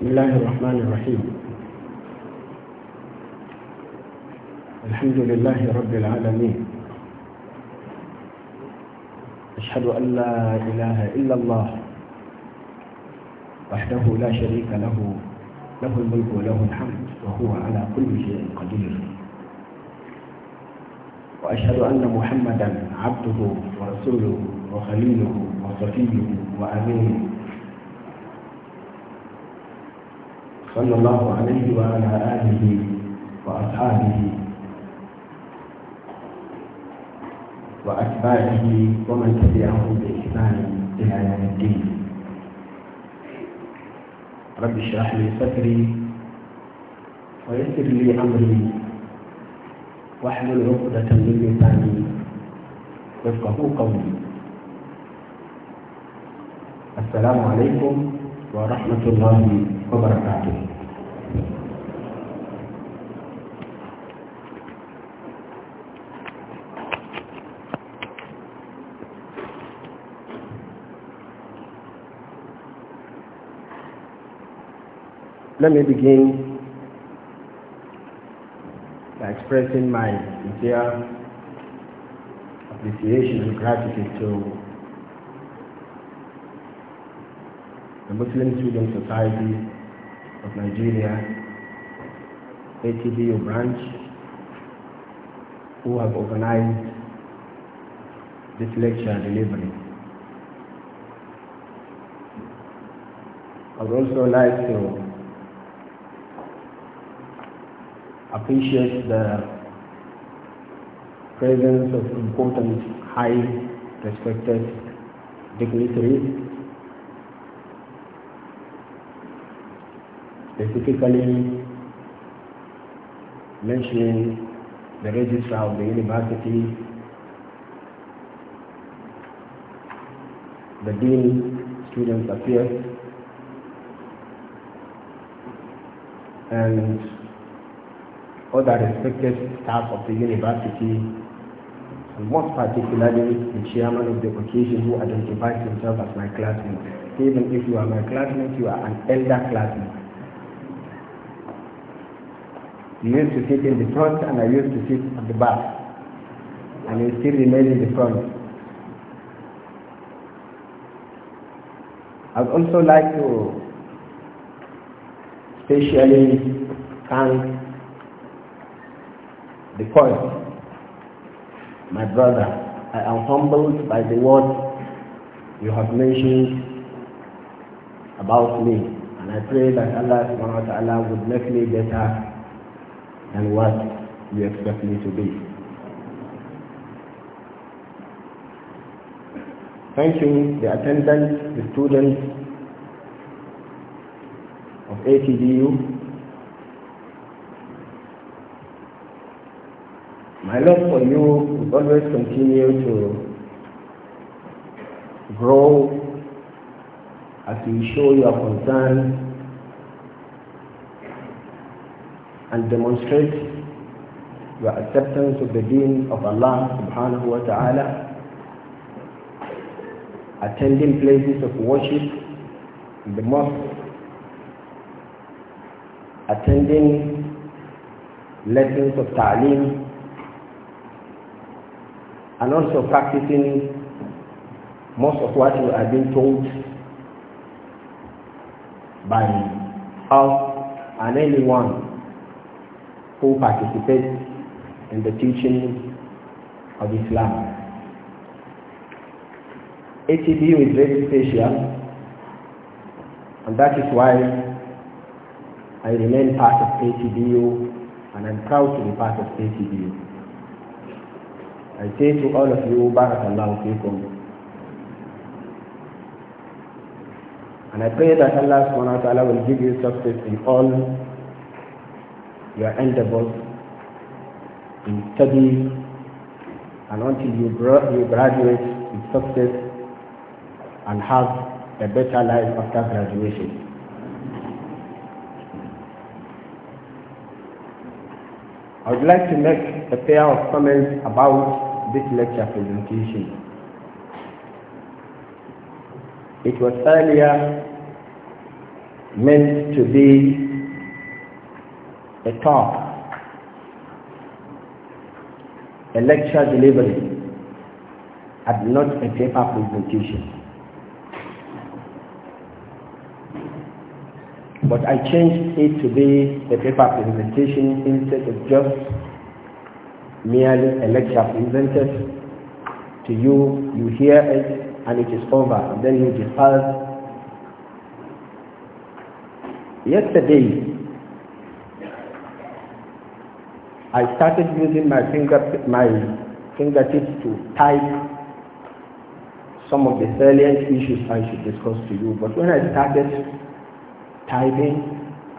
بسم الله الرحمن الرحيم الحمد لله رب العالمين أشهد أن لا إله إلا الله وحده لا شريك له له الملك وله الحمد وهو على كل شيء قدير وأشهد أن محمدا عبده ورسوله وخليله وصفيه وأمينه صلى الله عليه وعلى آله وأصحابه وأتباعه ومن تبعهم بإحسان إلى يوم الدين رب اشرح لي صدري ويسر لي أمري واحمل عقدة من لساني يفقه قولي السلام عليكم ورحمة الله Let me begin by expressing my sincere appreciation and gratitude to the Muslim Student Society of Nigeria, ATBU branch, who have organized this lecture delivery. I would also like to appreciate the presence of important, high, respected dignitaries specifically mentioning the registrar of the university, the dean, students affairs, and other respected staff of the university, and most particularly the chairman of the occasion who identifies himself as my classmate. Even if you are my classmate, you are an elder classmate. He used to sit in the front and I used to sit at the back. And he still remains in the front. I'd also like to especially thank the poet, my brother. I am humbled by the words you have mentioned about me and I pray that Allah subhanahu wa ta'ala would make me better and what you expect me to be. Thank you, the attendants, the students of ATDU. My love for you will always continue to grow as you show your concern and demonstrate your acceptance of the deen of Allah subhanahu wa ta'ala, attending places of worship in the mosque, attending lessons of ta'lim, and also practicing most of what you are being told by us and anyone who participate in the teaching of Islam. ATB is very special and that is why I remain part of ATBU and I'm proud to be part of ATBU. I say to all of you, Barakallahu fikum. And I pray that Allah subhanahu wa ta'ala will give you success in all you are endeavored in study and until you, you graduate with success and have a better life after graduation. I would like to make a pair of comments about this lecture presentation. It was earlier meant to be a talk, a lecture delivery, and not a paper presentation. But I changed it to be a paper presentation instead of just merely a lecture presented to you, you hear it, and it is over, and then you depart. Yesterday, I started using my finger my fingertips to type some of the salient issues I should discuss to you. But when I started typing,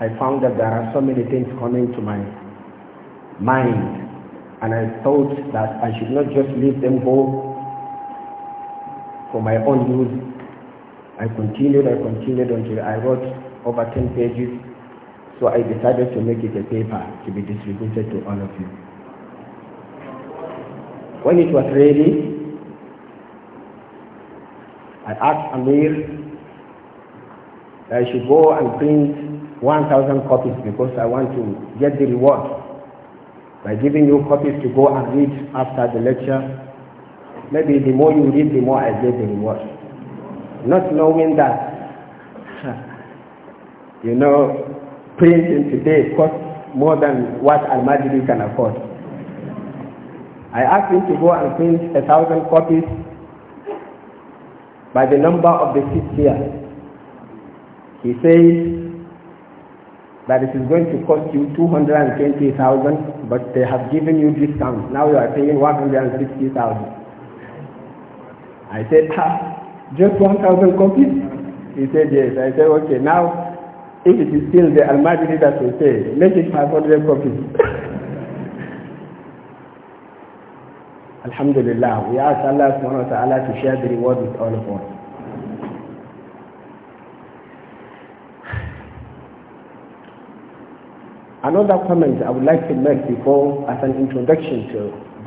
I found that there are so many things coming to my mind, and I thought that I should not just leave them go for my own use. I continued, I continued until I wrote over 10 pages so I decided to make it a paper to be distributed to all of you. When it was ready, I asked Amir I should go and print 1,000 copies because I want to get the reward by giving you copies to go and read after the lecture. Maybe the more you read, the more I get the reward. Not knowing that, you know, print in today costs more than what Almajiri can afford. I asked him to go and print a thousand copies by the number of the seats here. He says that it is going to cost you 220,000 but they have given you discount. Now you are paying 160,000. I said, ah, just 1,000 copies? He said, yes. I said, okay, now if it is still the Almighty that will say, make it 500 copies. Alhamdulillah, we ask Allah subhanahu wa ta'ala to share the reward with all of us. Another comment I would like to make before as an introduction to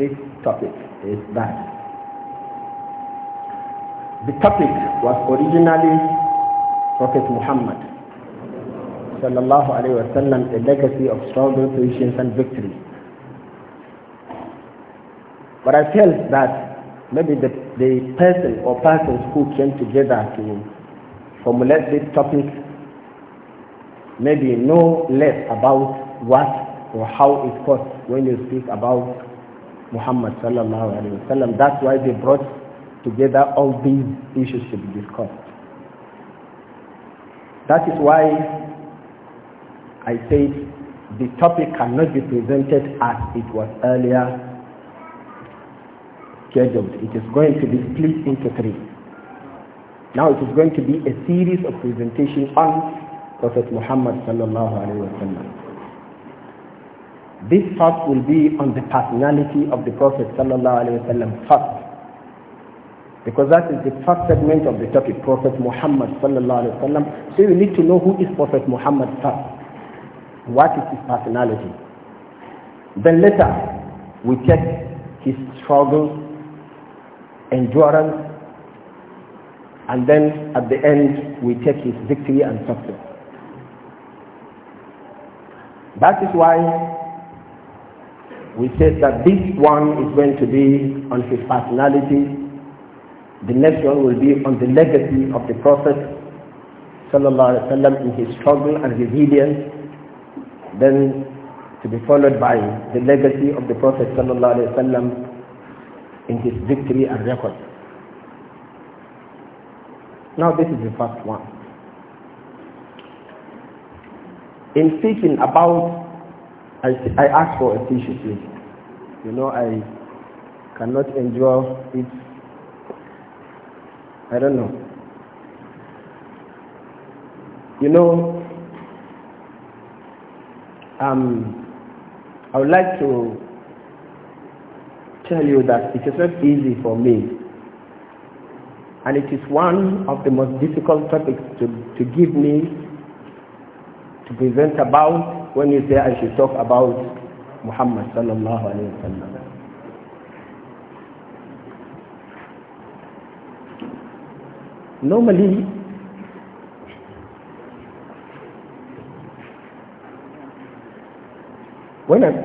this topic is that the topic was originally Prophet Muhammad sallallahu alaihi wasallam a legacy of struggle, patience, and victory. But I feel that maybe the, the person or persons who came together to formulate this topic maybe know less about what or how it was when you speak about Muhammad sallallahu alaihi wasallam. That's why they brought together all these issues to be discussed. That is why I said the topic cannot be presented as it was earlier scheduled. It is going to be split into three. Now it is going to be a series of presentations on Prophet Muhammad sallallahu alaihi wasallam. This part will be on the personality of the Prophet sallallahu alaihi wasallam first, because that is the first segment of the topic, Prophet Muhammad sallallahu alaihi wasallam. So we need to know who is Prophet Muhammad first. What is his personality? Then later, we check his struggles, endurance, and then at the end, we check his victory and success. That is why we said that this one is going to be on his personality, the next one will be on the legacy of the Prophet وسلم, in his struggle and resilience, then to be followed by the legacy of the Prophet وسلم in his victory and record. Now this is the first one. In speaking about, I, I ask for efficiency. You know, I cannot endure it. I don't know. You know, um, I would like to tell you that it is not easy for me. And it is one of the most difficult topics to, to give me to present about when you say I should talk about Muhammad sallallahu alayhi wa sallam. Normally, wannan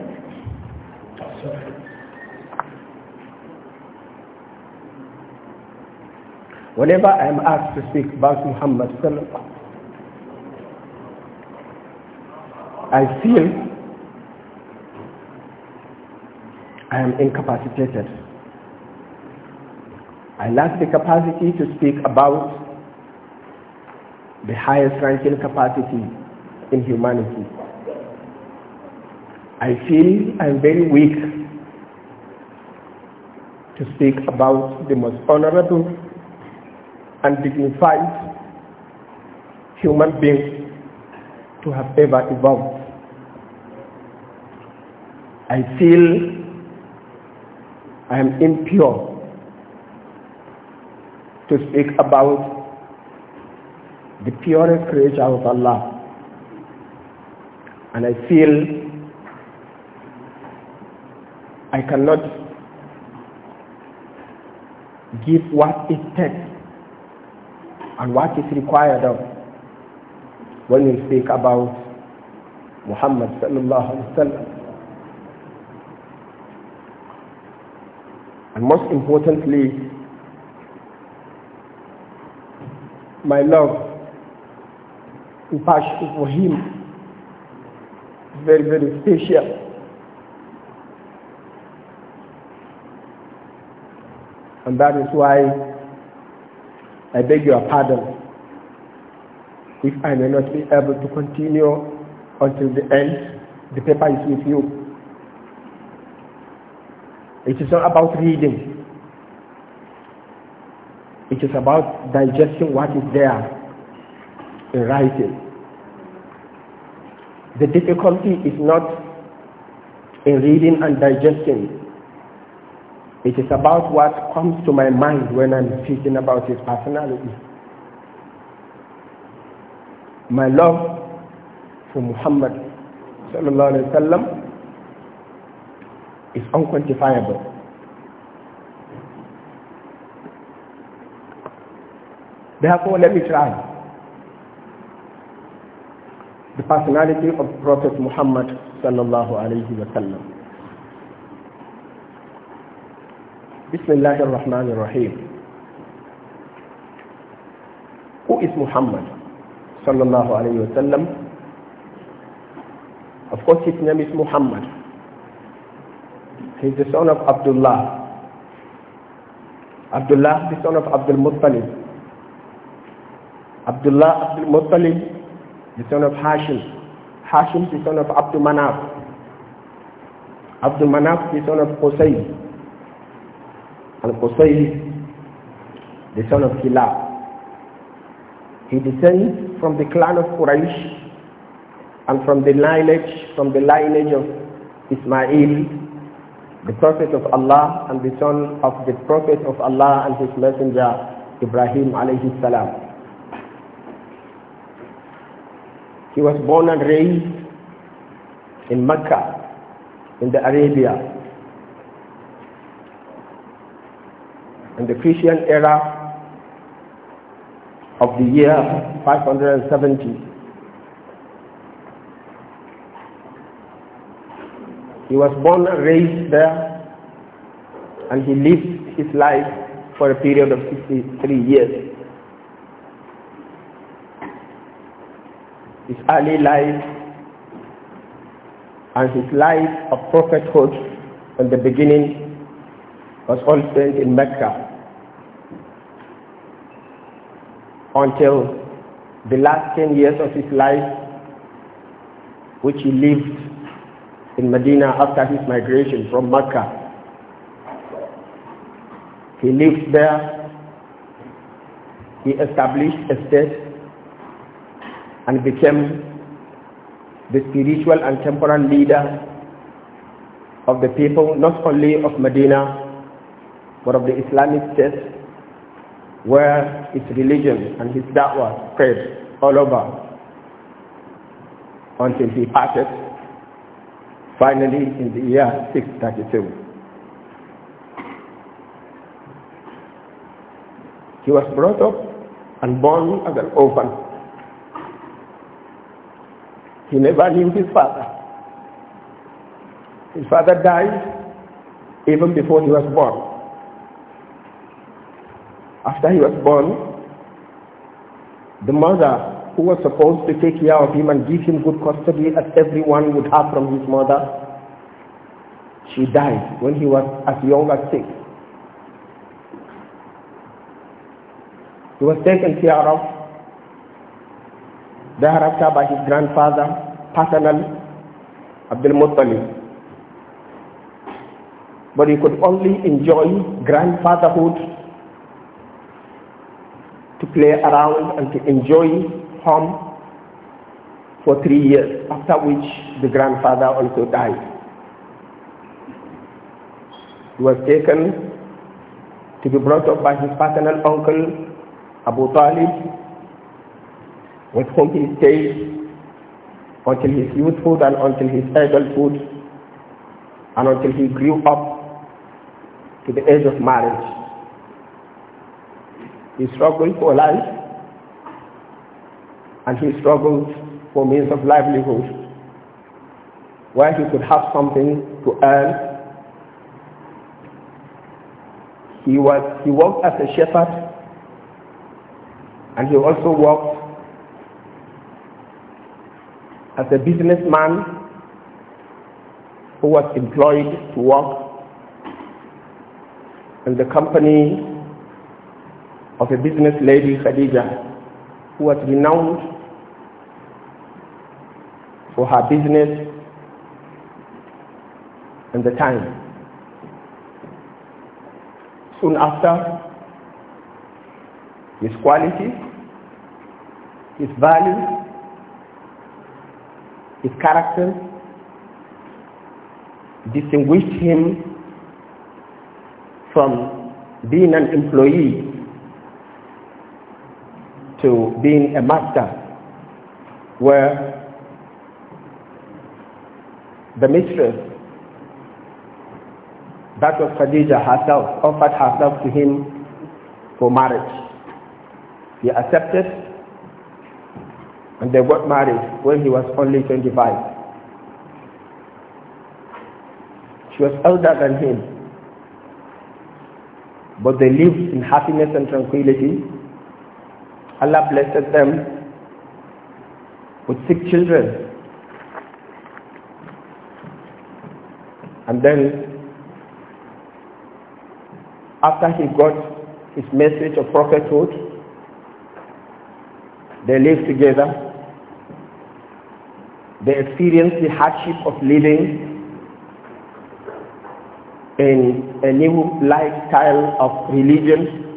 whenever I am asked to speak about Muhammad I feel I am incapacitated. I lack the capacity to speak about the highest ranking capacity in humanity, I feel I'm very weak to speak about the most honorable and dignified human being to have ever evolved. I feel I am impure to speak about the purest creature of Allah. And I feel I cannot give what is takes and what is required of when we speak about Muhammad sallallahu alaihi wasallam. And most importantly, my love and passion for him is very, very special. And that is why I beg your pardon if I may not be able to continue until the end. The paper is with you. It is not about reading. It is about digesting what is there in writing. The difficulty is not in reading and digesting. It is about what comes to my mind when I'm speaking about his personality. My love for Muhammad sallallahu wasallam is unquantifiable. Therefore, let me try. The personality of Prophet Muhammad sallallahu alayhi wa sallam. بسم الله الرحمن الرحيم Who is Muhammad صلى الله عليه وسلم Of course his name is Muhammad He is the son of Abdullah Abdullah the son of Abdul Muttalib Abdullah Abdul Muttalib the son of Hashim Hashim the son of Abdul Manaf Abdul Manaf the son of Hussein Al-Qusayli, the son of Kilab. He descends from the clan of Quraysh and from the lineage, from the lineage of Ismail, the Prophet of Allah and the son of the Prophet of Allah and his messenger, Ibrahim alayhi salam. He was born and raised in Mecca, in the Arabia, in the Christian era of the year 570. He was born and raised there and he lived his life for a period of 63 years. His early life and his life of prophethood and the beginning was all spent in Mecca until the last 10 years of his life, which he lived in Medina after his migration from Mecca. He lived there, he established a state and became the spiritual and temporal leader of the people, not only of Medina, but of the Islamic state where his religion and his da'wah spread all over until he parted finally in the year 632. He was brought up and born as an orphan. He never knew his father. His father died even before he was born. After he was born, the mother who was supposed to take care of him and give him good custody as everyone would have from his mother, she died when he was as young as six. He was taken care of thereafter by his grandfather, paternal Abdul Muttalib. But he could only enjoy grandfatherhood play around and to enjoy home for three years, after which the grandfather also died. He was taken to be brought up by his paternal uncle, Abu Talib, with whom he stayed until his youthhood and until his adulthood and until he grew up to the age of marriage. He struggled for life and he struggled for means of livelihood where he could have something to earn. He, was, he worked as a shepherd and he also worked as a businessman who was employed to work in the company of a business lady, Khadija, who was renowned for her business and the time. Soon after, his qualities, his values, his character distinguished him from being an employee to being a master where the mistress that was Khadija herself offered herself to him for marriage. He accepted and they got married when he was only 25. She was older than him, but they lived in happiness and tranquility Allah blessed them with six children. And then, after he got his message of prophethood, they lived together. They experienced the hardship of living in a new lifestyle of religion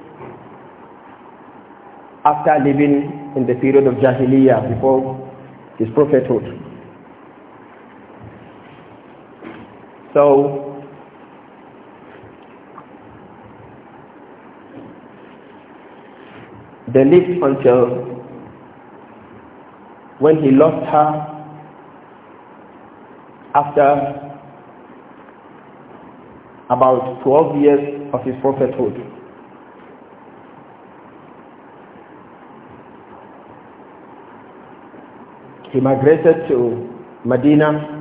after living in the period of Jahiliyyah before his prophethood. So they lived until when he lost her after about 12 years of his prophethood. he migrated to Medina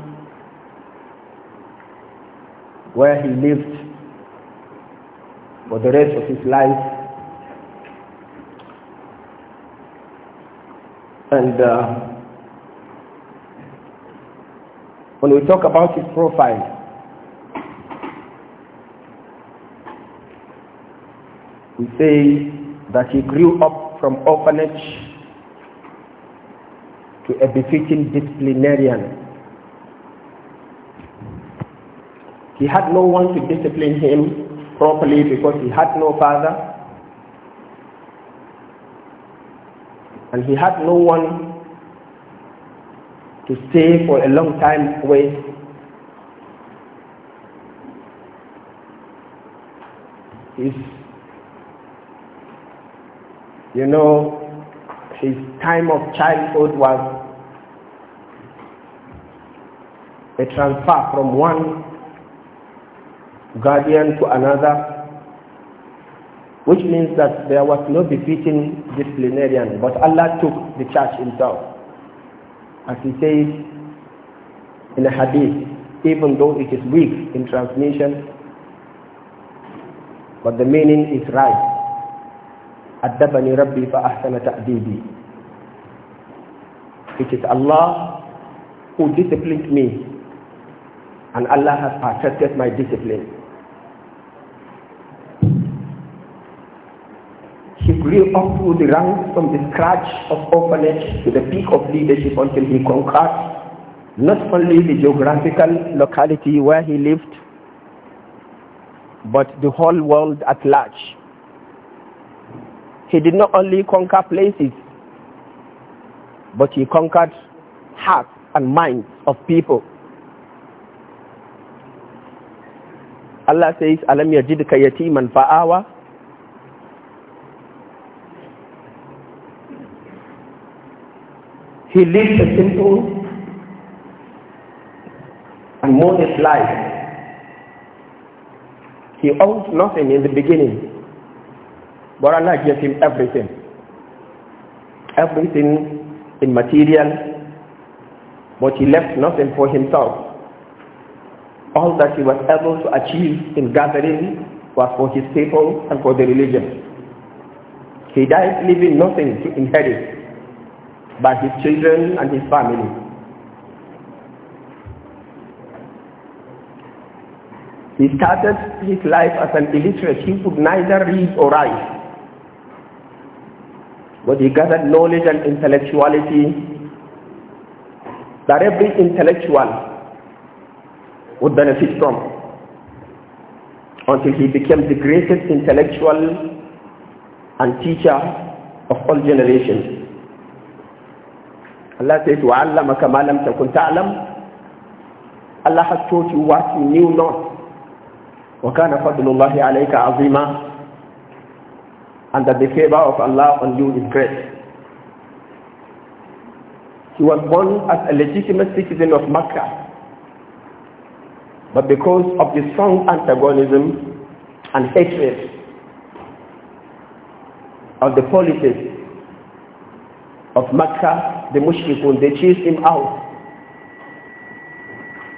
where he lived for the rest of his life. And uh, when we talk about his profile, we say that he grew up from orphanage to a befitting disciplinarian. He had no one to discipline him properly because he had no father. And he had no one to stay for a long time with. His, you know, his time of childhood was a transfer from one guardian to another, which means that there was no befitting disciplinarian, but Allah took the charge himself. As he says in a hadith, even though it is weak in transmission, but the meaning is right. أدبني ربي فأحسن تأديبي It is Allah who disciplined me and Allah has perfected my discipline. He grew up through the ranks from the scratch of orphanage to the peak of leadership until he conquered not only the geographical locality where he lived, but the whole world at large. He did not only conquer places, but he conquered hearts and minds of people. Allah says alam yajidka yatiman fa'awa He lived a simple and modest life. He owned nothing in the beginning, but Allah gave him everything. Everything in material, but he left nothing for himself. All that he was able to achieve in gathering was for his people and for the religion. He died leaving nothing to inherit but his children and his family. He started his life as an illiterate. He could neither read or write. But he gathered knowledge and intellectuality that every intellectual would benefit from until he became the greatest intellectual and teacher of all generations. Allah says, وَعَلَّمَكَ مَا لَمْ تَكُنْ تَعْلَمُ Allah has taught you what you knew not. وَكَانَ فَضْلُ اللَّهِ عَلَيْكَ عَظِيمًا And that the favor of Allah on you is great. He was born as a legitimate citizen of Makkah but because of the strong antagonism and hatred of the policies of Makkah, the Mushrikun, they chased him out.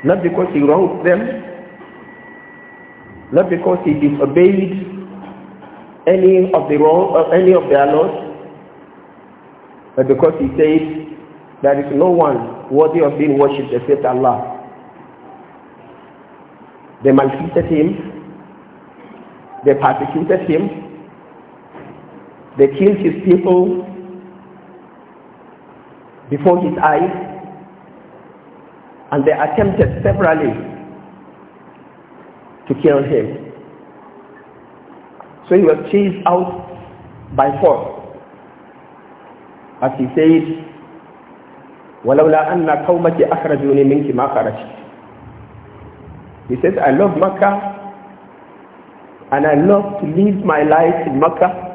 Not because he wronged them, not because he disobeyed any of the wrong, or uh, any of their laws, but because he said, there is no one worthy of being worshipped except Allah. They maltreated him. They persecuted him. They killed his people before his eyes. And they attempted severally to kill him. So he was chased out by force. As he said, وَلَوْلَا أَنَّ قَوْمَكِ مِنْكِ مَا خَرَجْتِ he says, I love Makkah and I love to live my life in Makkah.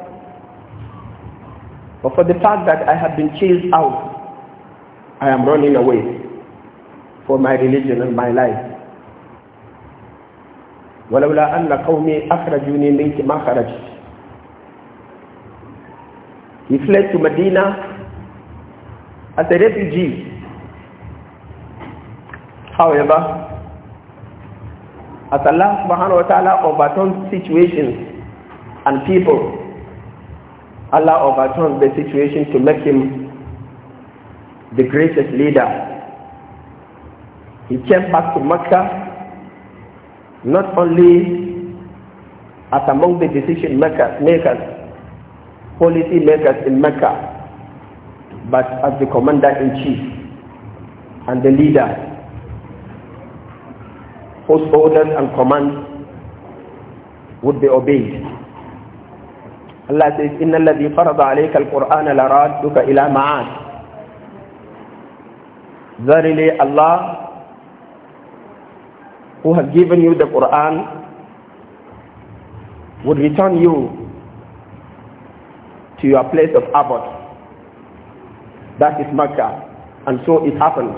But for the fact that I have been chased out, I am running away for my religion and my life. ولولا أن قومي أخرجوني ما He fled to Medina as a refugee. However, as Allah subhanahu wa ta'ala overturns situations and people, Allah overturns the situation to make him the greatest leader. He came back to Mecca not only as among the decision makers, makers policy makers in Mecca, but as the commander-in-chief and the leader whose orders and commands would be obeyed. Allah says, إِنَّ الَّذِي فَرَضَ عَلَيْكَ الْقُرْآنَ لَرَادُكَ إِلَى مَعَادٍ Verily Allah, who has given you the Qur'an, would return you to your place of abode. That is Makkah. And so it happened.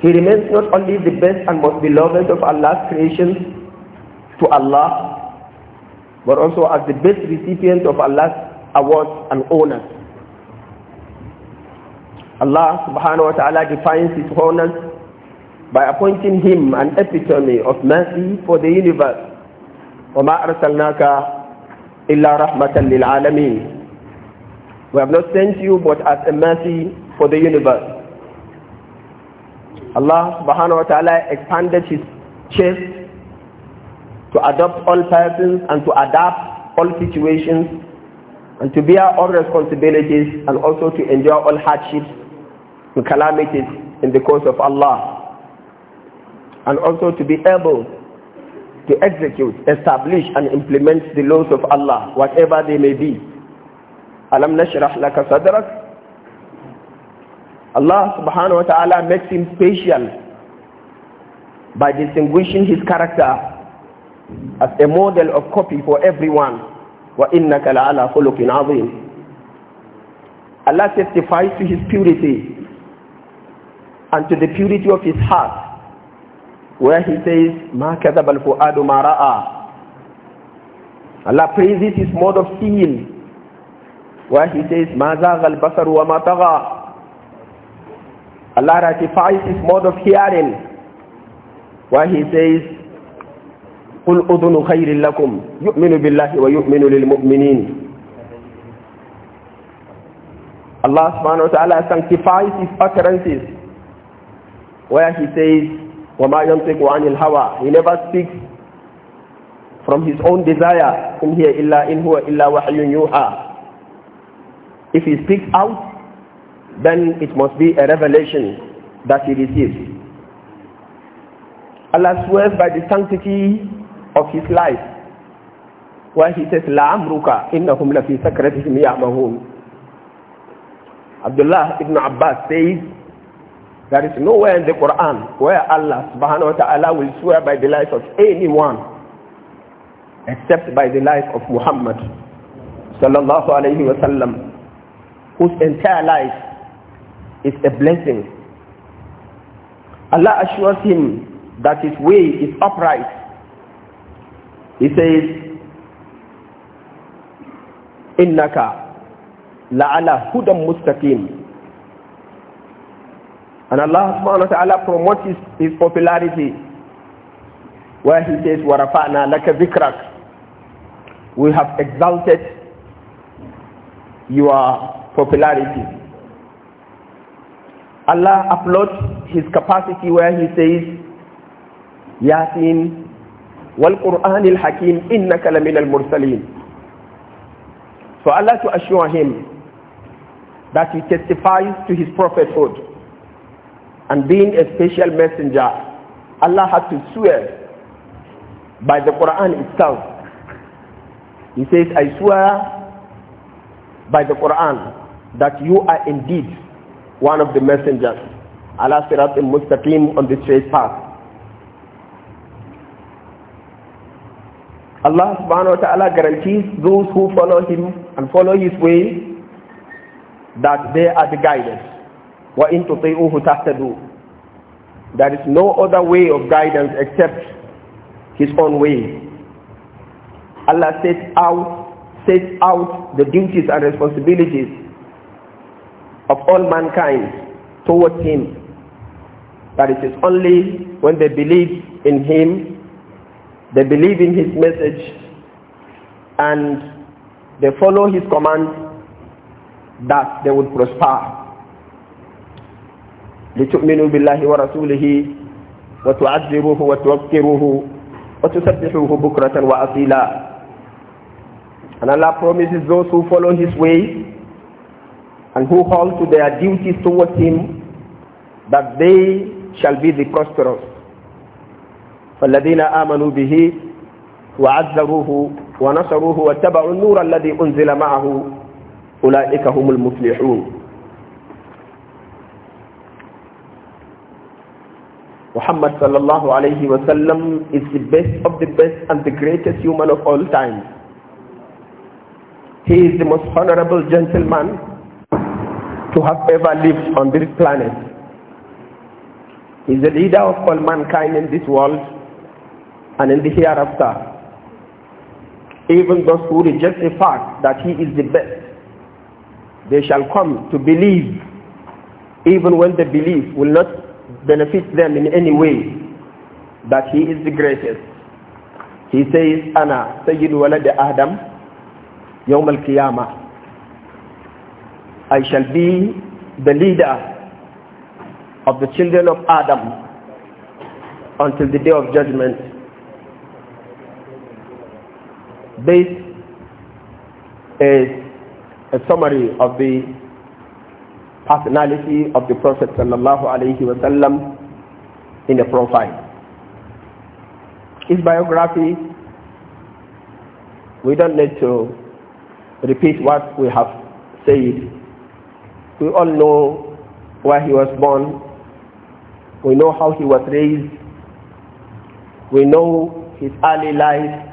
He remains not only the best and most beloved of Allah's creations to Allah, but also as the best recipient of Allah's awards and honors. Allah subhanahu wa ta'ala defines his honors by appointing him an epitome of mercy for the universe. وَمَا أَرْسَلْنَاكَ إِلَّا رَحْمَةً لِلْعَالَمِينَ We have not sent you but as a mercy for the universe. Allah subhanahu wa ta'ala expanded his chest to adopt all persons and to adapt all situations and to bear all responsibilities and also to endure all hardships and calamities in the cause of Allah and also to be able to execute, establish and implement the laws of Allah, whatever they may be. أَلَمْ نَشْرَحْ لَكَ صَدْرَكَ Allah subhanahu wa ta'ala makes him special by distinguishing his character as a model of copy for everyone. وَإِنَّكَ لَعَلَى خُلُقٍ عَظِيمٍ Allah testifies to his purity and to the purity of his heart where he says, مَا كَذَبَ الْفُؤَادُ مَا رَأَى Allah praises his mode of seeing where he says, مَا زَاغَ الْبَصَرُ وَمَا طَغَى Allah ratifies his mode of hearing where he says قل أذن خير لكم يؤمن بالله ويؤمن للمؤمنين Allah subhanahu wa ta'ala sanctifies his utterances where he says وَمَا يَنْطِقُ عَنِ الْهَوَى He never speaks from his own desire إِنْ هِيَ إِلَّا إِنْ هُوَ إِلَّا وَحْيٌ يُوحَى If he speaks out then it must be a revelation that he received. Allah swears by the sanctity of his life. Where he says, La amruka innahum lafi sakratihim ya'mahun. Abdullah ibn Abbas says, there is nowhere in the Quran where Allah subhanahu wa ta'ala will swear by the life of anyone except by the life of Muhammad sallallahu alayhi wa sallam whose entire life is a blessing. Allah assures him that his way is upright. He says, Innaka la'ala hudam mustaqim. And Allah subhanahu wa ta'ala promotes his, his popularity where he says, وَرَفَعْنَا لَكَ ذِكْرَكَ We have exalted your popularity. Allah applauds his capacity where he says, Yasin, وَالْقُرْآنِ الْحَكِيمِ إِنَّكَ al الْمُرْسَلِينَ For Allah to assure him that he testifies to his prophethood and being a special messenger, Allah had to swear by the Quran itself. He says, I swear by the Quran that you are indeed one of the messengers, Allah Sirat al-Mustaqim on the straight path. Allah subhanahu wa ta'ala guarantees those who follow him and follow his way that they are the guidance. وَإِن تُطِئُوهُ تَهْتَدُوا There is no other way of guidance except his own way. Allah sets out, sets out the duties and responsibilities of all mankind towards him. That it is only when they believe in him, they believe in his message, and they follow his command that they would prosper. لتؤمنوا بالله ورسوله وتعذروه وتوقروه وتسبحوه بكرة وأصيلا And Allah promises those who follow his way and who hold to their duties towards him that they shall be the prosperous فالذين آمنوا به وعذروه ونصروه واتبعوا النور الذي أنزل معه أولئك هم المفلحون Muhammad صلى الله عليه وسلم is the best of the best and the greatest human of all time. He is the most honorable gentleman to have ever lived on this planet. is the leader of all mankind in this world and in the hereafter. Even those who reject the fact that he is the best, they shall come to believe even when the belief will not benefit them in any way that he is the greatest. He says, Ana Sayyidu Walad Adam, Yawm al-Qiyamah. I shall be the leader of the children of Adam until the day of judgment. This is a summary of the personality of the Prophet sallallahu alaihi wasallam in the profile. His biography, we don't need to repeat what we have said we all know where he was born. We know how he was raised. We know his early life.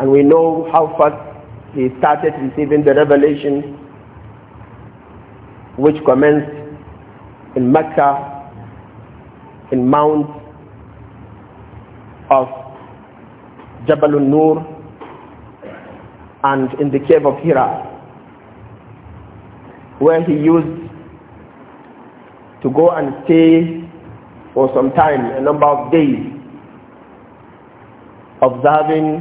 And we know how fast he started receiving the revelation which commenced in Mecca, in Mount of Jabal Nur, and in the cave of Hira where he used to go and stay for some time, a number of days, observing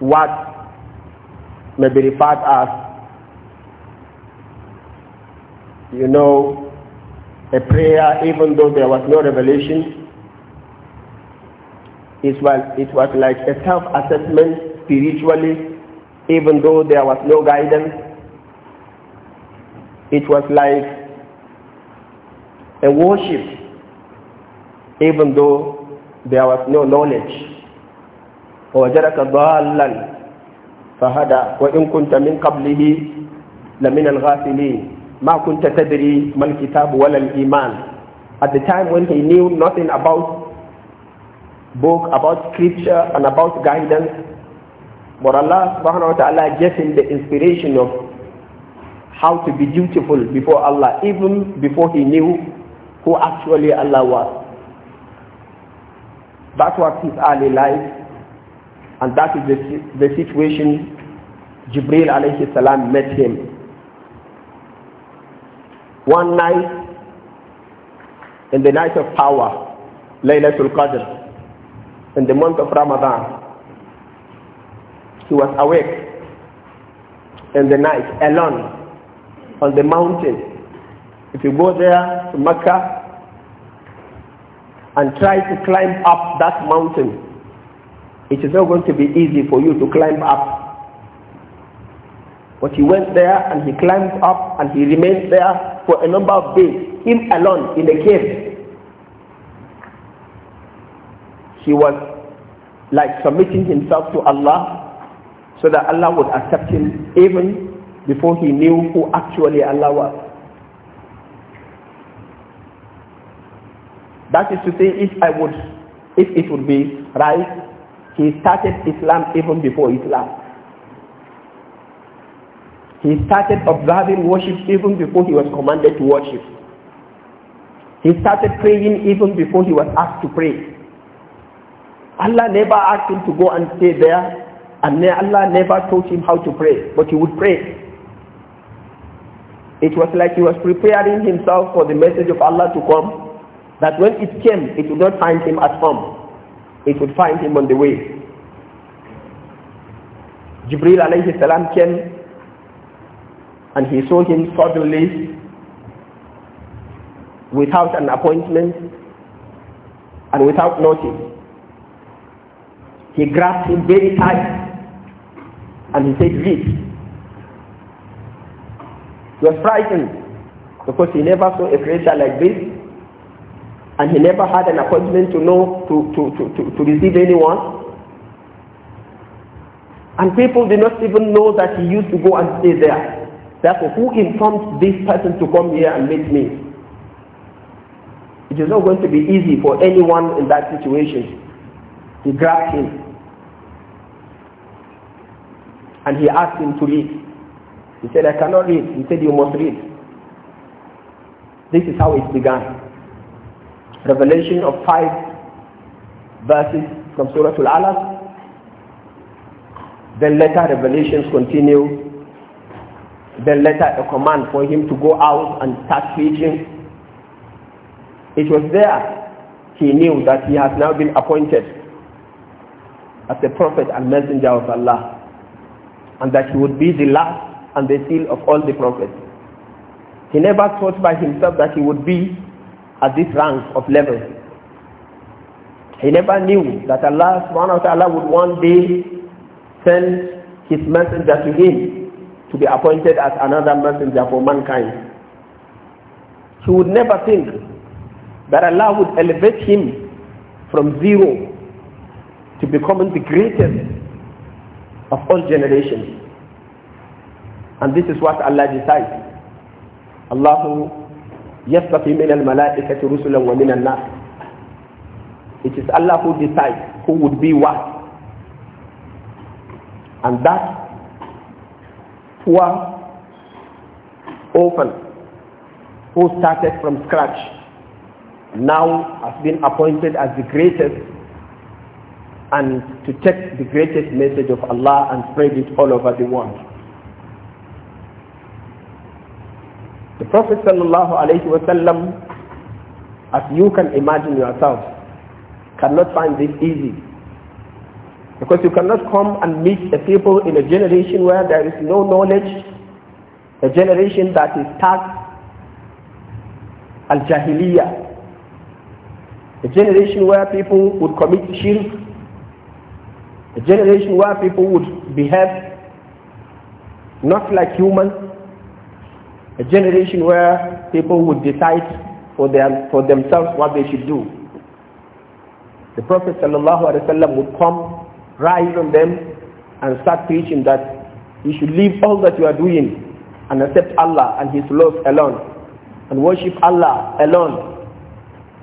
what may be referred as, you know, a prayer, even though there was no revelation. It was, it was like a self-assessment spiritually even though there was no guidance. It was like a worship, even though there was no knowledge. ووجدك ضالا فهدى وإن كنت من قبله لمن الغافلين ما كنت تدري ما الكتاب ولا الإيمان At the time when he knew nothing about book, about scripture and about guidance, but Allah subhanahu wa ta'ala gave him the inspiration of how to be dutiful before Allah, even before he knew who actually Allah was. That was his early life, and that is the, the situation Jibril alayhi salam met him. One night, in the night of power, Laylatul Qadr, in the month of Ramadan, he was awake in the night, alone, on the mountain. If you go there to Mecca and try to climb up that mountain, it is not going to be easy for you to climb up. But he went there and he climbed up and he remained there for a number of days, him alone in a cave. He was like submitting himself to Allah so that Allah would accept him even before he knew who actually Allah was. That is to say, if I would, if it would be right, he started Islam even before Islam. He started observing worship even before he was commanded to worship. He started praying even before he was asked to pray. Allah never asked him to go and stay there and Allah never taught him how to pray, but he would pray. It was like he was preparing himself for the message of Allah to come, that when it came, it would not find him at home. It would find him on the way. Jibril alayhi salam came and he saw him suddenly without an appointment and without notice. He grabbed him very tight and he said, "This." He was frightened because he never saw a creature like this and he never had an appointment to know, to, to, to, to, to receive anyone. And people did not even know that he used to go and stay there. Therefore, who informed this person to come here and meet me? It is not going to be easy for anyone in that situation. He grabbed him and he asked him to read. He said, I cannot read. He said, you must read. This is how it began. Revelation of five verses from Surah Al-Alaq. Then later revelations continue. Then later a command for him to go out and start preaching. It was there he knew that he has now been appointed as the prophet and messenger of Allah and that he would be the last and the seal of all the prophets. He never thought by himself that he would be at this rank of level. He never knew that Allah subhanahu wa ta'ala would one day send his messenger to him to be appointed as another messenger for mankind. He would never think that Allah would elevate him from zero to becoming the greatest of all generations. And this is what Allah decides. Allah yastafi min al-mala'ikati rusulan wa min an-nas. is Allah who decides who would be what. And that poor orphan who started from scratch now has been appointed as the greatest and to take the greatest message of Allah and spread it all over the world. The Prophet sallallahu alaihi wasallam, as you can imagine yourself, cannot find this easy. Because you cannot come and meet a people in a generation where there is no knowledge, a generation that is taxed al-jahiliyyah, a generation where people would commit shirk a generation where people would behave not like humans. A generation where people would decide for, them, for themselves what they should do. The Prophet ﷺ would come, rise on them and start preaching that you should leave all that you are doing and accept Allah and His love alone and worship Allah alone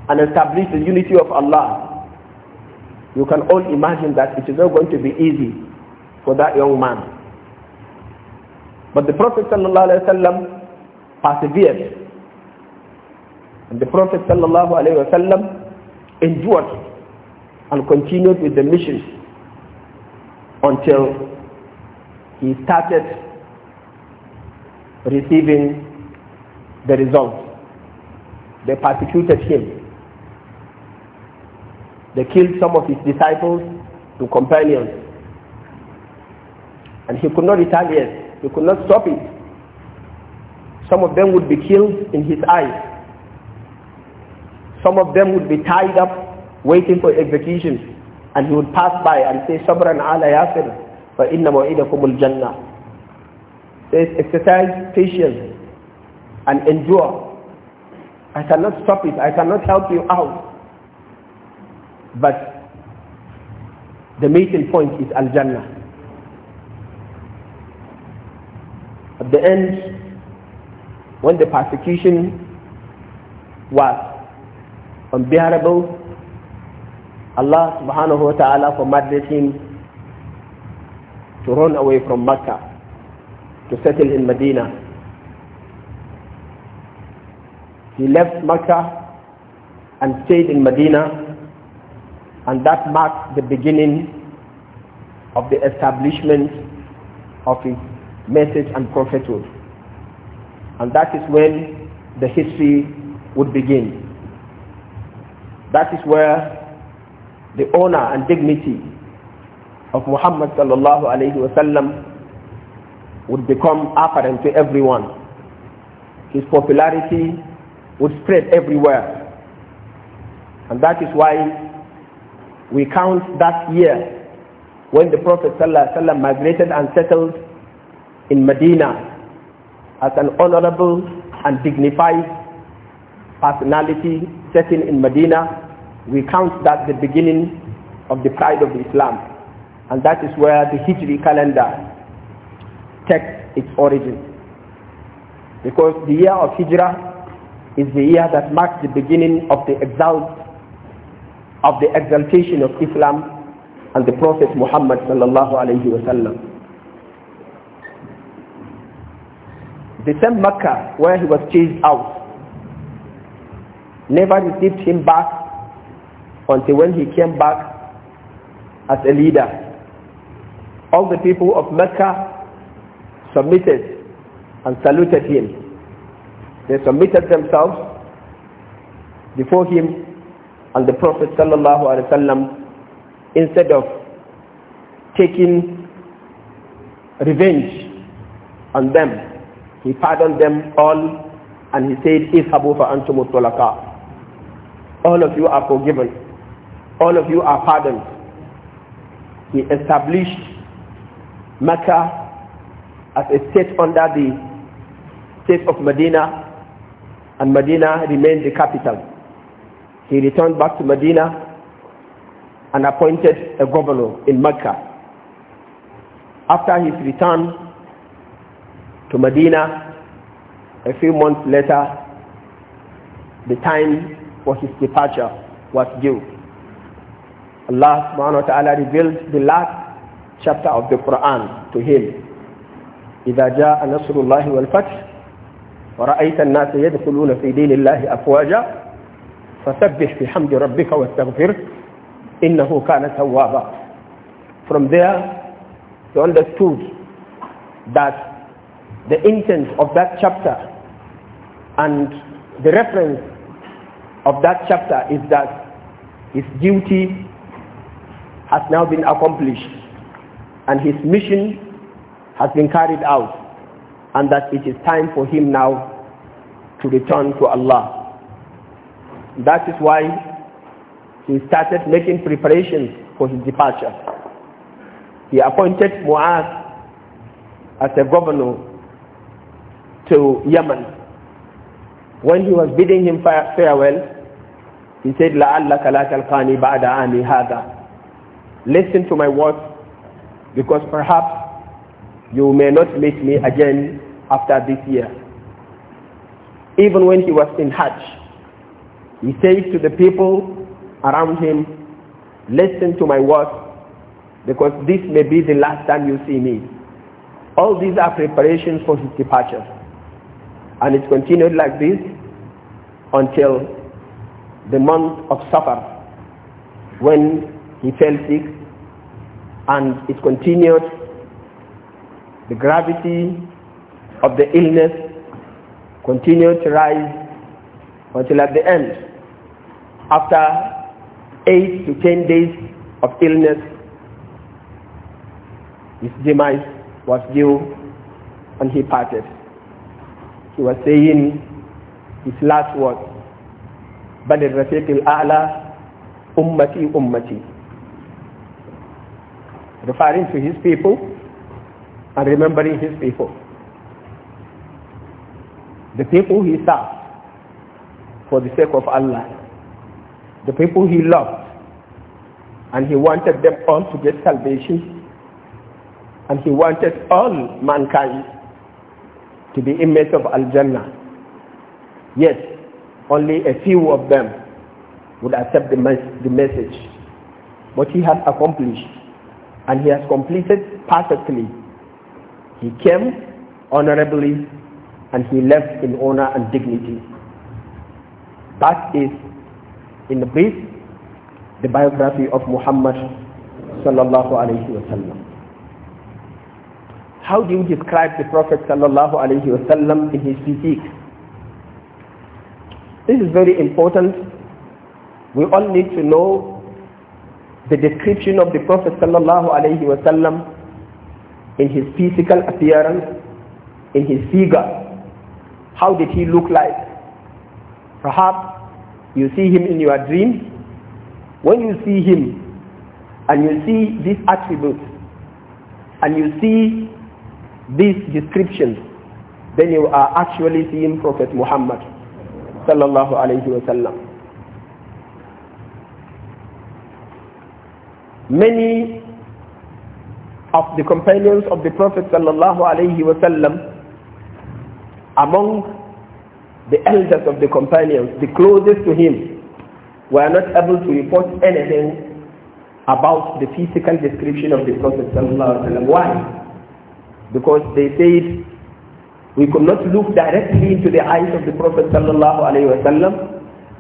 and establish the unity of Allah you can all imagine that it is not going to be easy for that young man. But the Prophet ﷺ persevered. And the Prophet ﷺ endured and continued with the mission until he started receiving the results. They persecuted him. They killed some of his disciples and companions. And he could not retaliate. He could not stop it. Some of them would be killed in his eyes. Some of them would be tied up waiting for execution. And he would pass by and say, Sabran ala yasir, fa inna ma'idakumul jannah. Says, exercise patience and endure. I cannot stop it. I cannot help you out. But the meeting point is Al-Jannah. At the end, when the persecution was unbearable, Allah subhanahu wa ta'ala commanded him to run away from Mecca, to settle in Medina. He left Mecca and stayed in Medina and that marked the beginning of the establishment of his message and prophethood. And that is when the history would begin. That is where the honor and dignity of Muhammad sallallahu alayhi wasallam would become apparent to everyone. His popularity would spread everywhere. And that is why we count that year when the Prophet ﷺ migrated and settled in Medina as an honorable and dignified personality setting in Medina, we count that the beginning of the pride of Islam. And that is where the Hijri calendar takes its origin. Because the year of Hijrah is the year that marks the beginning of the exiled of the exaltation of Islam and the Prophet Muhammad sallallahu alayhi wa sallam. The same Mecca where he was chased out never received him back until when he came back as a leader. All the people of Mecca submitted and saluted him. They submitted themselves before him and the Prophet sallallahu instead of taking revenge on them, he pardoned them all and he said, Ishabu fa antum All of you are forgiven. All of you are pardoned. He established Mecca as a state under the state of Medina and Medina remained the capital he returned back to Medina and appointed a governor in Mecca. After his return to Medina, a few months later, the time for his departure was due. Allah subhanahu wa ta'ala revealed the last chapter of the Quran to him. إذا جاء نصر الله والفتح ورأيت الناس يدخلون في دين الله أفواجا فسبح بحمد ربك إنه كان توابا From there he understood that the intent of that chapter and the reference of that chapter is that his duty has now been accomplished and his mission has been carried out and that it is time for him now to return to Allah that is why he started making preparations for his departure. He appointed Muaz as a governor to Yemen. When he was bidding him farewell, he said, لَعَلَّكَ لَا تَلْقَانِي بَعْدَ عَامِ هَذَا Listen to my words, because perhaps you may not meet me again after this year. Even when he was in Hajj, he says to the people around him, listen to my words because this may be the last time you see me. All these are preparations for his departure. And it continued like this until the month of Safar when he fell sick and it continued the gravity of the illness continued to rise until at the end after 8 to 10 days of illness, his demise was due and he parted. He was saying his last words, بدل رفيق Allah, Ummati Ummati," referring to his people and remembering his people. The people he served for the sake of Allah the people he loved, and he wanted them all to get salvation, and he wanted all mankind to be inmates of Al-Jannah. Yes, only a few of them would accept the, mes the message. But he has accomplished, and he has completed perfectly. He came honorably, and he left in honor and dignity. That is in the brief the biography of Muhammad sallallahu alayhi wasallam. How do you describe the Prophet sallallahu alayhi wasallam in his physique? This is very important. We all need to know the description of the Prophet sallallahu alayhi wasallam in his physical appearance, in his figure. How did he look like? Perhaps you see him in your dream. When you see him and you see these attributes and you see these descriptions, then you are actually seeing Prophet Muhammad sallallahu alayhi wasallam. Many of the companions of the Prophet sallallahu alayhi wasallam among the elders of the companions, the closest to him, were not able to report anything about the physical description of the Prophet Why? Because they said we could not look directly into the eyes of the Prophet وسلم,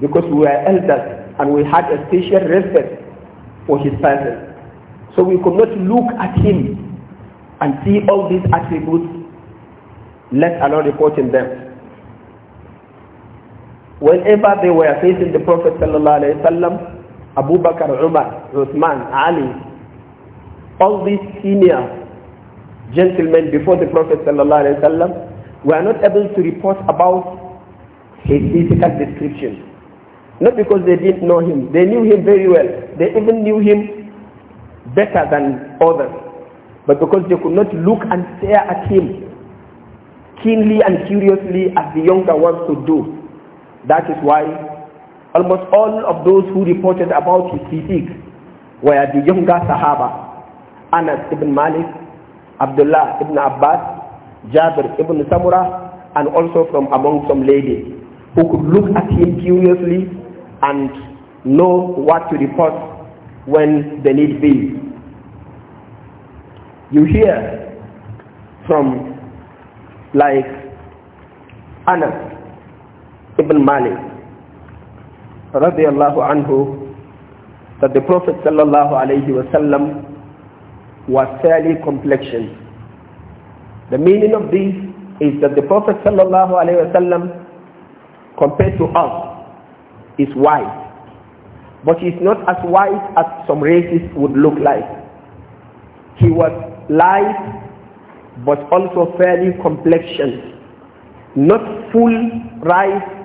because we were elders and we had a special respect for his person. So we could not look at him and see all these attributes, let alone reporting them whenever they were facing the Prophet sallallahu Abu Bakr, Umar, Uthman, Ali, all these senior gentlemen before the Prophet sallallahu were not able to report about his physical description. Not because they didn't know him. They knew him very well. They even knew him better than others. But because they could not look and stare at him keenly and curiously as the younger ones could do, that is why almost all of those who reported about his physique were the younger Sahaba. Anas ibn Malik, Abdullah ibn Abbas, Jabir ibn Samura, and also from among some ladies who could look at him curiously and know what to report when the need be. You hear from like Anas ibn Malik radiallahu anhu that the Prophet sallallahu alayhi wasallam was fairly complexioned. The meaning of this is that the Prophet sallallahu alayhi wasallam compared to us is white but he's not as white as some races would look like. He was light but also fairly complexioned, not full rice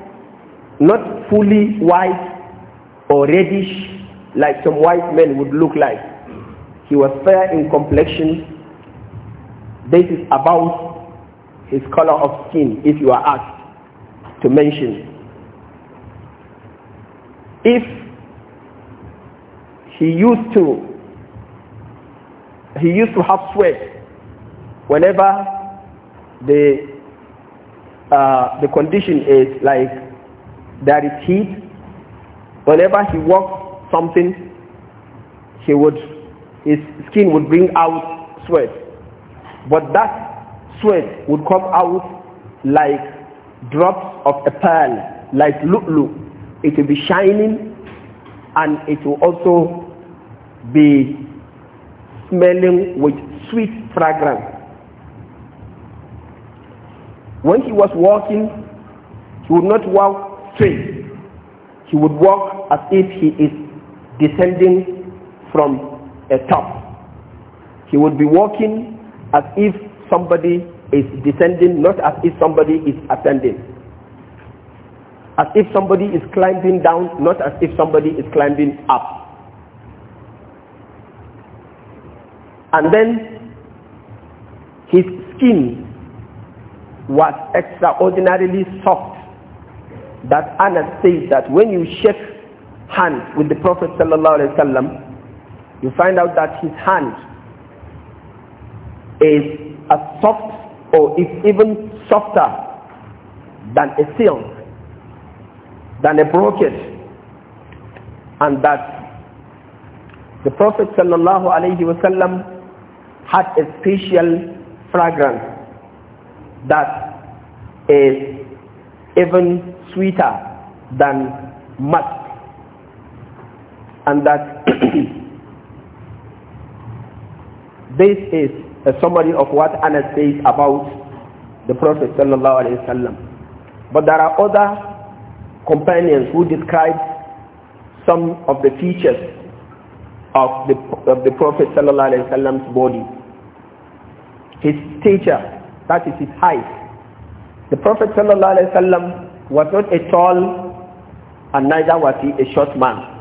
not fully white or reddish like some white men would look like. He was fair in complexion. This is about his color of skin, if you are asked to mention. If he used to he used to have sweat whenever the uh, the condition is like there is heat. Whenever he walked something, he would, his skin would bring out sweat. But that sweat would come out like drops of a pearl, like lu'lu. It will be shining and it will also be smelling with sweet fragrance. When he was walking, he would not walk he would walk as if he is descending from a top. He would be walking as if somebody is descending, not as if somebody is ascending. As if somebody is climbing down, not as if somebody is climbing up. And then his skin was extraordinarily soft that Anas says that when you shake hands with the Prophet sallallahu you find out that his hand is as soft or is even softer than a silk, than a brocade, and that the Prophet sallallahu alaihi wasallam had a special fragrance that is even sweeter than musk and that this is a summary of what Anas says about the Prophet sallallahu wasallam but there are other companions who describe some of the features of the of the Prophet sallallahu wasallam's body his stature that is his height the Prophet sallallahu wasallam was not a tall and neither was he a short man.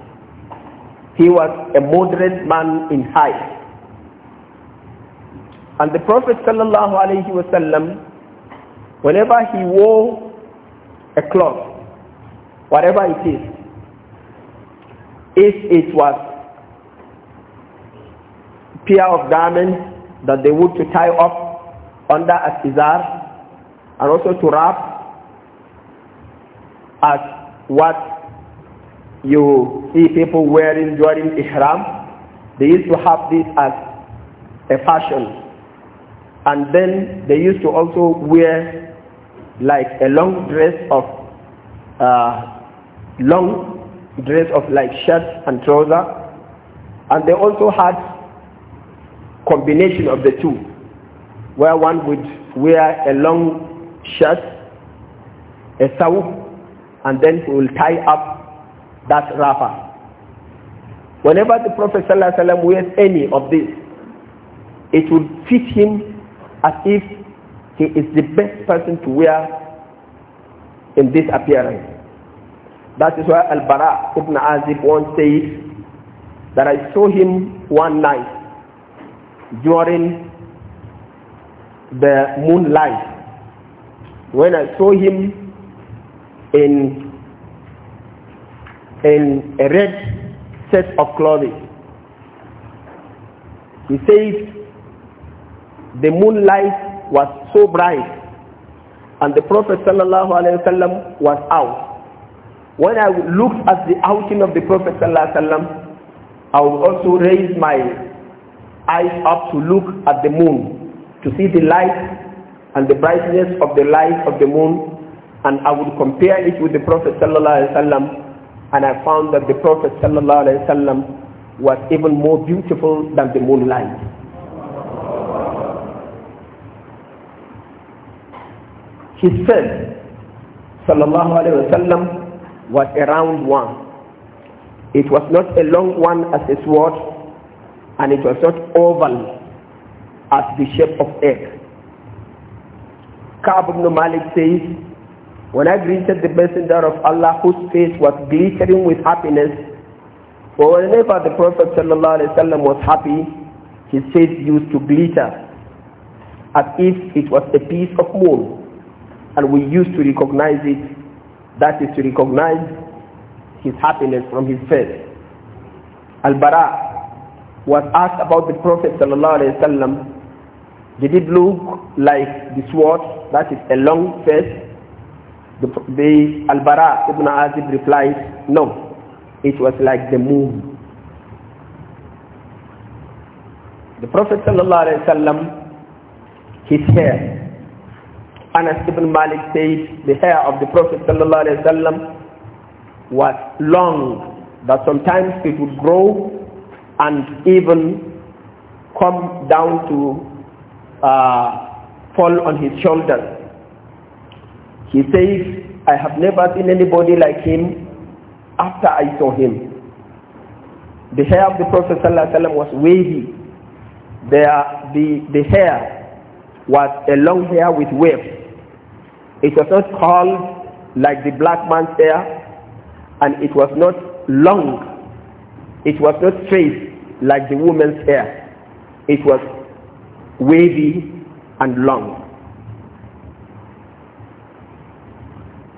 He was a moderate man in height. And the Prophet sallallahu whenever he wore a cloth, whatever it is, if it was pair of garments that they would to tie up under a izar and also to wrap as what you see people wearing during ihram. They used to have this as a fashion. And then they used to also wear like a long dress of uh, long dress of like shirt and trouser. And they also had combination of the two, where one would wear a long shirt, a sawuk, and then he will tie up that wrapper. Whenever the Prophet ﷺ wears any of this, it will fit him as if he is the best person to wear in this appearance. That is why Al-Bara ibn Azib once said that I saw him one night during the moonlight. When I saw him, in in a red set of clothing. He says the moonlight was so bright and the Prophet ﷺ was out. When I looked at the outing of the Prophet ﷺ, I would also raise my eyes up to look at the moon, to see the light and the brightness of the light of the moon and I would compare it with the Prophet sallallahu wasallam and I found that the Prophet sallallahu wasallam was even more beautiful than the moonlight. His face sallallahu alaihi wasallam was a round one. It was not a long one as a sword and it was not oval as the shape of egg. Ka'b ibn Malik says when I greeted the messenger of Allah whose face was glittering with happiness, for whenever the Prophet ﷺ was happy, his face used to glitter as if it was a piece of moon. And we used to recognize it, that is to recognize his happiness from his face. Al-Bara was asked about the Prophet ﷺ, did it look like the sword, that is a long face, the, the Al-Bara ibn Azib replies, no, it was like the moon. The Prophet wasallam, his hair, Anas ibn Malik said, the hair of the Prophet wasallam was long, that sometimes it would grow and even come down to uh, fall on his shoulders. He says, I have never seen anybody like him after I saw him. The hair of the Prophet ﷺ was wavy. The, the, the hair was a long hair with waves. It was not curled like the black man's hair and it was not long. It was not straight like the woman's hair. It was wavy and long.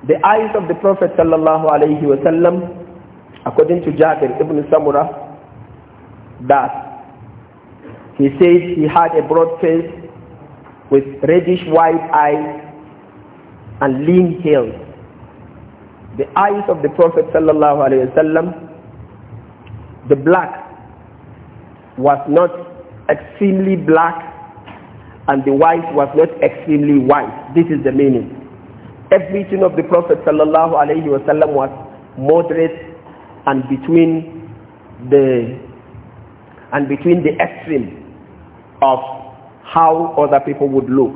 the eyes of the Prophet sallallahu alaihi wasallam, according to Jabir ibn Samura, that he says he had a broad face with reddish white eyes and lean heels. The eyes of the Prophet sallallahu alaihi wasallam, the black was not extremely black and the white was not extremely white. This is the meaning everything of the Prophet sallallahu alaihi wasallam was moderate and between the and between the extreme of how other people would look.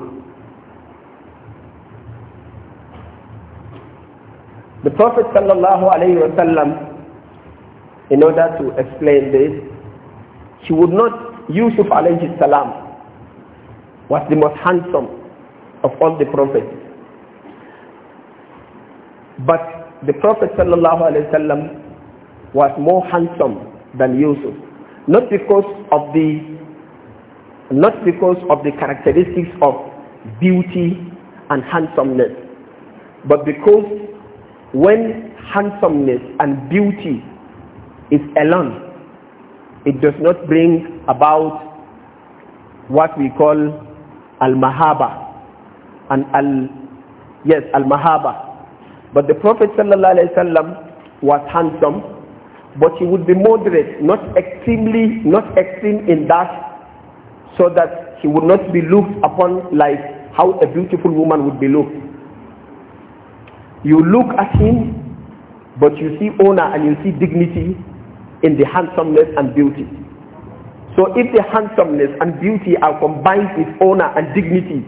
The Prophet sallallahu alaihi wasallam in order to explain this, he would not Yusuf alayhi salam was the most handsome of all the prophets. But the Prophet ﷺ was more handsome than Yusuf. Not because of the not because of the characteristics of beauty and handsomeness, but because when handsomeness and beauty is alone, it does not bring about what we call al-mahaba and al yes al-mahaba but the Prophet ﷺ was handsome, but he would be moderate, not extremely, not extreme in that, so that he would not be looked upon like how a beautiful woman would be looked. You look at him, but you see honor and you see dignity in the handsomeness and beauty. So if the handsomeness and beauty are combined with honor and dignity,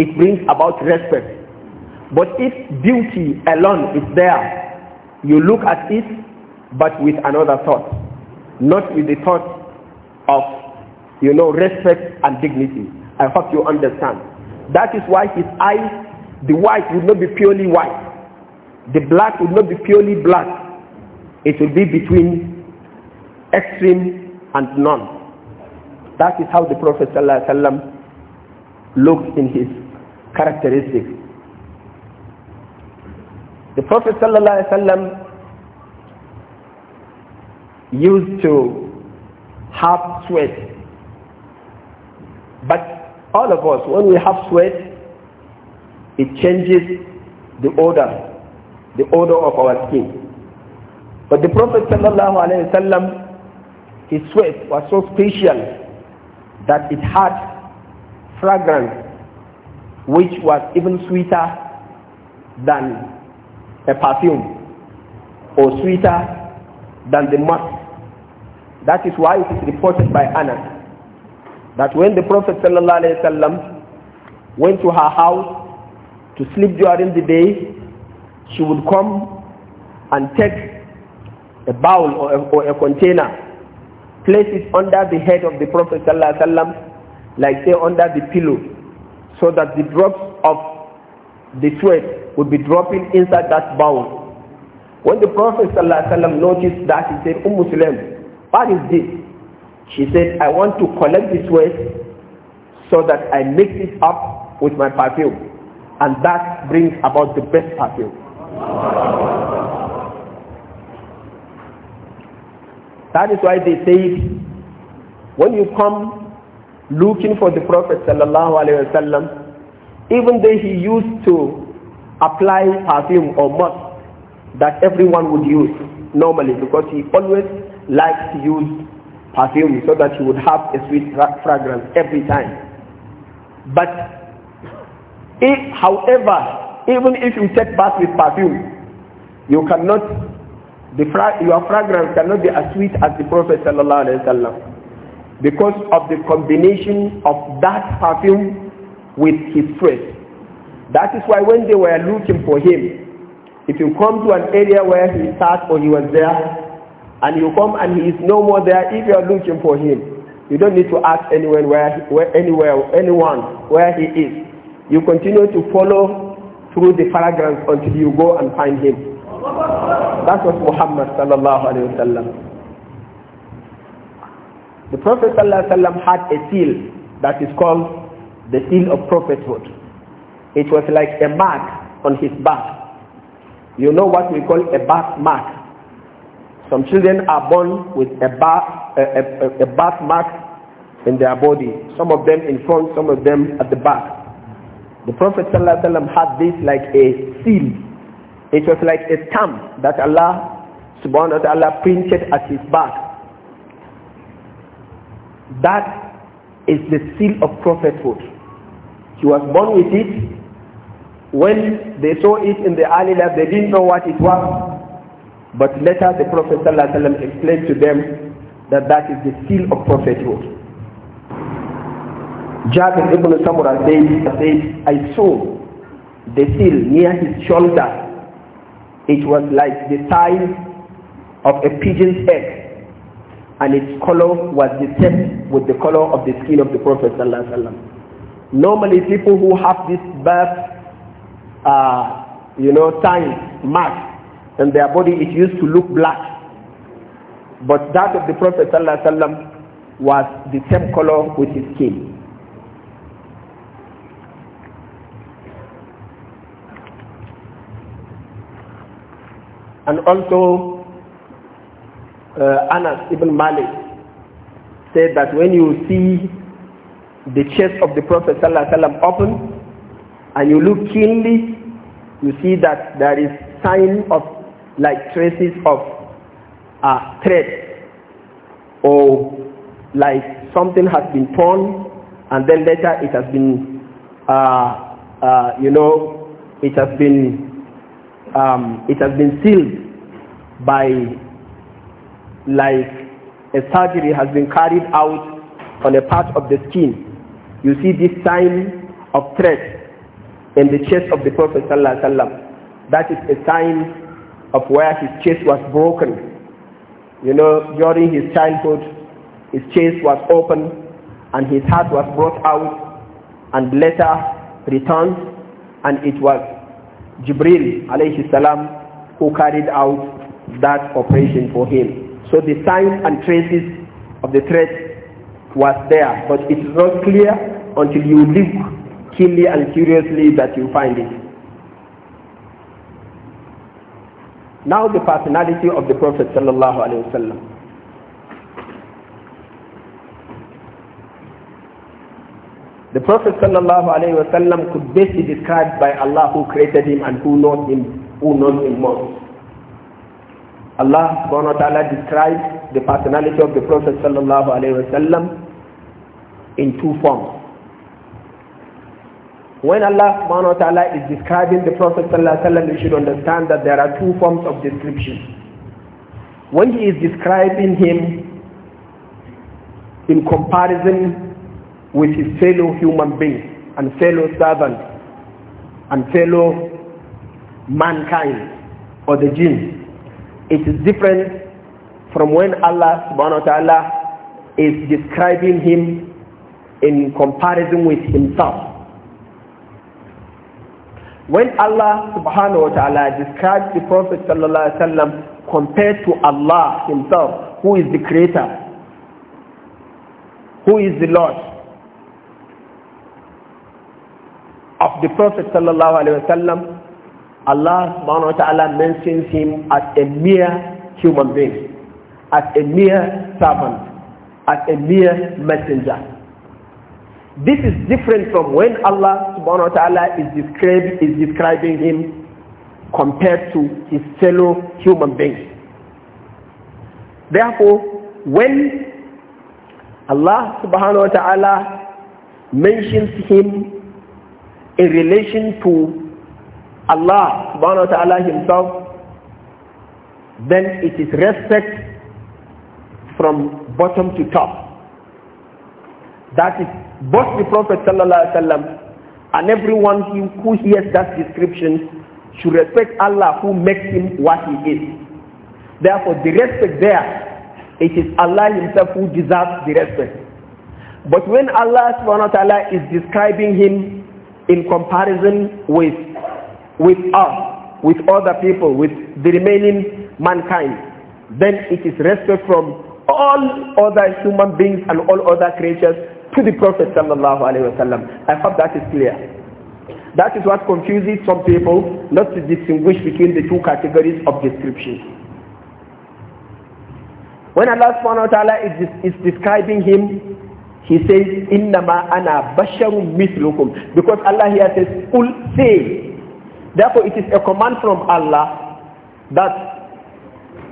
it brings about respect. But if beauty alone is there, you look at it but with another thought, not with the thought of, you know, respect and dignity. I hope you understand. That is why his eyes, the white would not be purely white. The black would not be purely black. It will be between extreme and none. That is how the Prophet ﷺ looked in his characteristics. The Prophet ﷺ used to have sweat. But all of us, when we have sweat, it changes the odor, the odor of our skin. But the Prophet ﷺ, his sweat was so special that it had fragrance which was even sweeter than a perfume or sweeter than the musk. That is why it is reported by Anas that when the Prophet ﷺ went to her house to sleep during the day, she would come and take a bowl or a, or a container, place it under the head of the Prophet ﷺ, like say under the pillow, so that the drops of the sweat would be dropping inside that bowl. When the Prophet ﷺ noticed that, he said, Umm Muslim, what is this? She said, I want to collect the sweat so that I mix it up with my perfume. And that brings about the best perfume. That is why they say, when you come looking for the Prophet sallallahu alaihi wasallam, even though he used to apply perfume or musk that everyone would use normally because he always liked to use perfume so that he would have a sweet fragrance every time. But if, however, even if you take bath with perfume, you cannot, the your fragrance cannot be as sweet as the Prophet sallallahu alaihi wasallam because of the combination of that perfume with his praise. That is why when they were looking for him, if you come to an area where he sat or he was there, and you come and he is no more there, if you are looking for him, you don't need to ask anyone where, where anywhere, anyone where he is. You continue to follow through the paragraphs until you go and find him. That was Muhammad sallallahu alaihi wasallam. The Prophet sallallahu alaihi wasallam had a seal that is called the seal of prophethood. It was like a mark on his back. You know what we call a birth mark. Some children are born with a birth, a, a, a birth mark in their body. Some of them in front, some of them at the back. The Prophet ﷺ had this like a seal. It was like a stamp that Allah subhanahu wa ta'ala printed at his back. That is the seal of prophethood. He was born with it. When they saw it in the early life, they didn't know what it was. But later the Prophet ﷺ explained to them that that is the seal of prophethood. Jabir ibn Samura said, said, I saw the seal near his shoulder. It was like the size of a pigeon's egg and its color was the same with the color of the skin of the Prophet sallallahu Normally people who have this birth, uh, you know, sign, mark and their body, it used to look black. But that of the Prophet sallallahu was the same color with his skin. And also uh, Anas ibn Malik said that when you see the chest of the Prophet ﷺ open and you look keenly, you see that there is sign of like traces of uh, thread or like something has been torn and then later it has been, uh, uh, you know, it has been, um, it has been sealed by like a surgery has been carried out on a part of the skin, you see this sign of threat in the chest of the Prophet ﷺ. That is a sign of where his chest was broken. You know, during his childhood, his chest was open and his heart was brought out and later returned and it was Jibril alayhi salam who carried out that operation for him. So the signs and traces of the threat was there, but it is not clear until you look keenly and curiously that you find it. Now the personality of the Prophet sallallahu alaihi wasallam. The Prophet sallallahu alaihi wasallam could best be described by Allah who created him and who knows him, who knows him most. Allah subhanahu wa ta'ala describes the personality of the Prophet sallallahu alaihi wasallam in two forms. When Allah subhanahu wa ta'ala is describing the Prophet sallallahu alaihi wasallam, you should understand that there are two forms of description. When he is describing him in comparison with his fellow human beings and fellow servants and fellow mankind or the jinn, it is different from when Allah subhanahu wa ta'ala is describing him in comparison with himself. When Allah subhanahu wa ta'ala describes the Prophet sallallahu alaihi wasallam compared to Allah himself, who is the creator, who is the Lord of the Prophet sallallahu alaihi wasallam, Allah subhanahu wa ta'ala mentions him as a mere human being, as a mere servant, as a mere messenger. This is different from when Allah subhanahu wa ta'ala is, described, is describing him compared to his fellow human beings. Therefore, when Allah subhanahu wa ta'ala mentions him in relation to Allah subhanahu wa ta'ala himself, then it is respect from bottom to top. That is both the Prophet sallallahu alaihi wasallam and everyone who hears that description should respect Allah who makes him what he is. Therefore, the respect there, it is Allah himself who deserves the respect. But when Allah subhanahu wa ta'ala is describing him in comparison with with us, with other people, with the remaining mankind, then it is rescued from all other human beings and all other creatures to the Prophet sallallahu alaihi wasallam. I hope that is clear. That is what confuses some people not to distinguish between the two categories of descriptions. When Allah subhanahu wa ta'ala is, is describing him, he says, Innama ana basharun mithlukum. Because Allah here says, Ul say, Therefore, it is a command from Allah that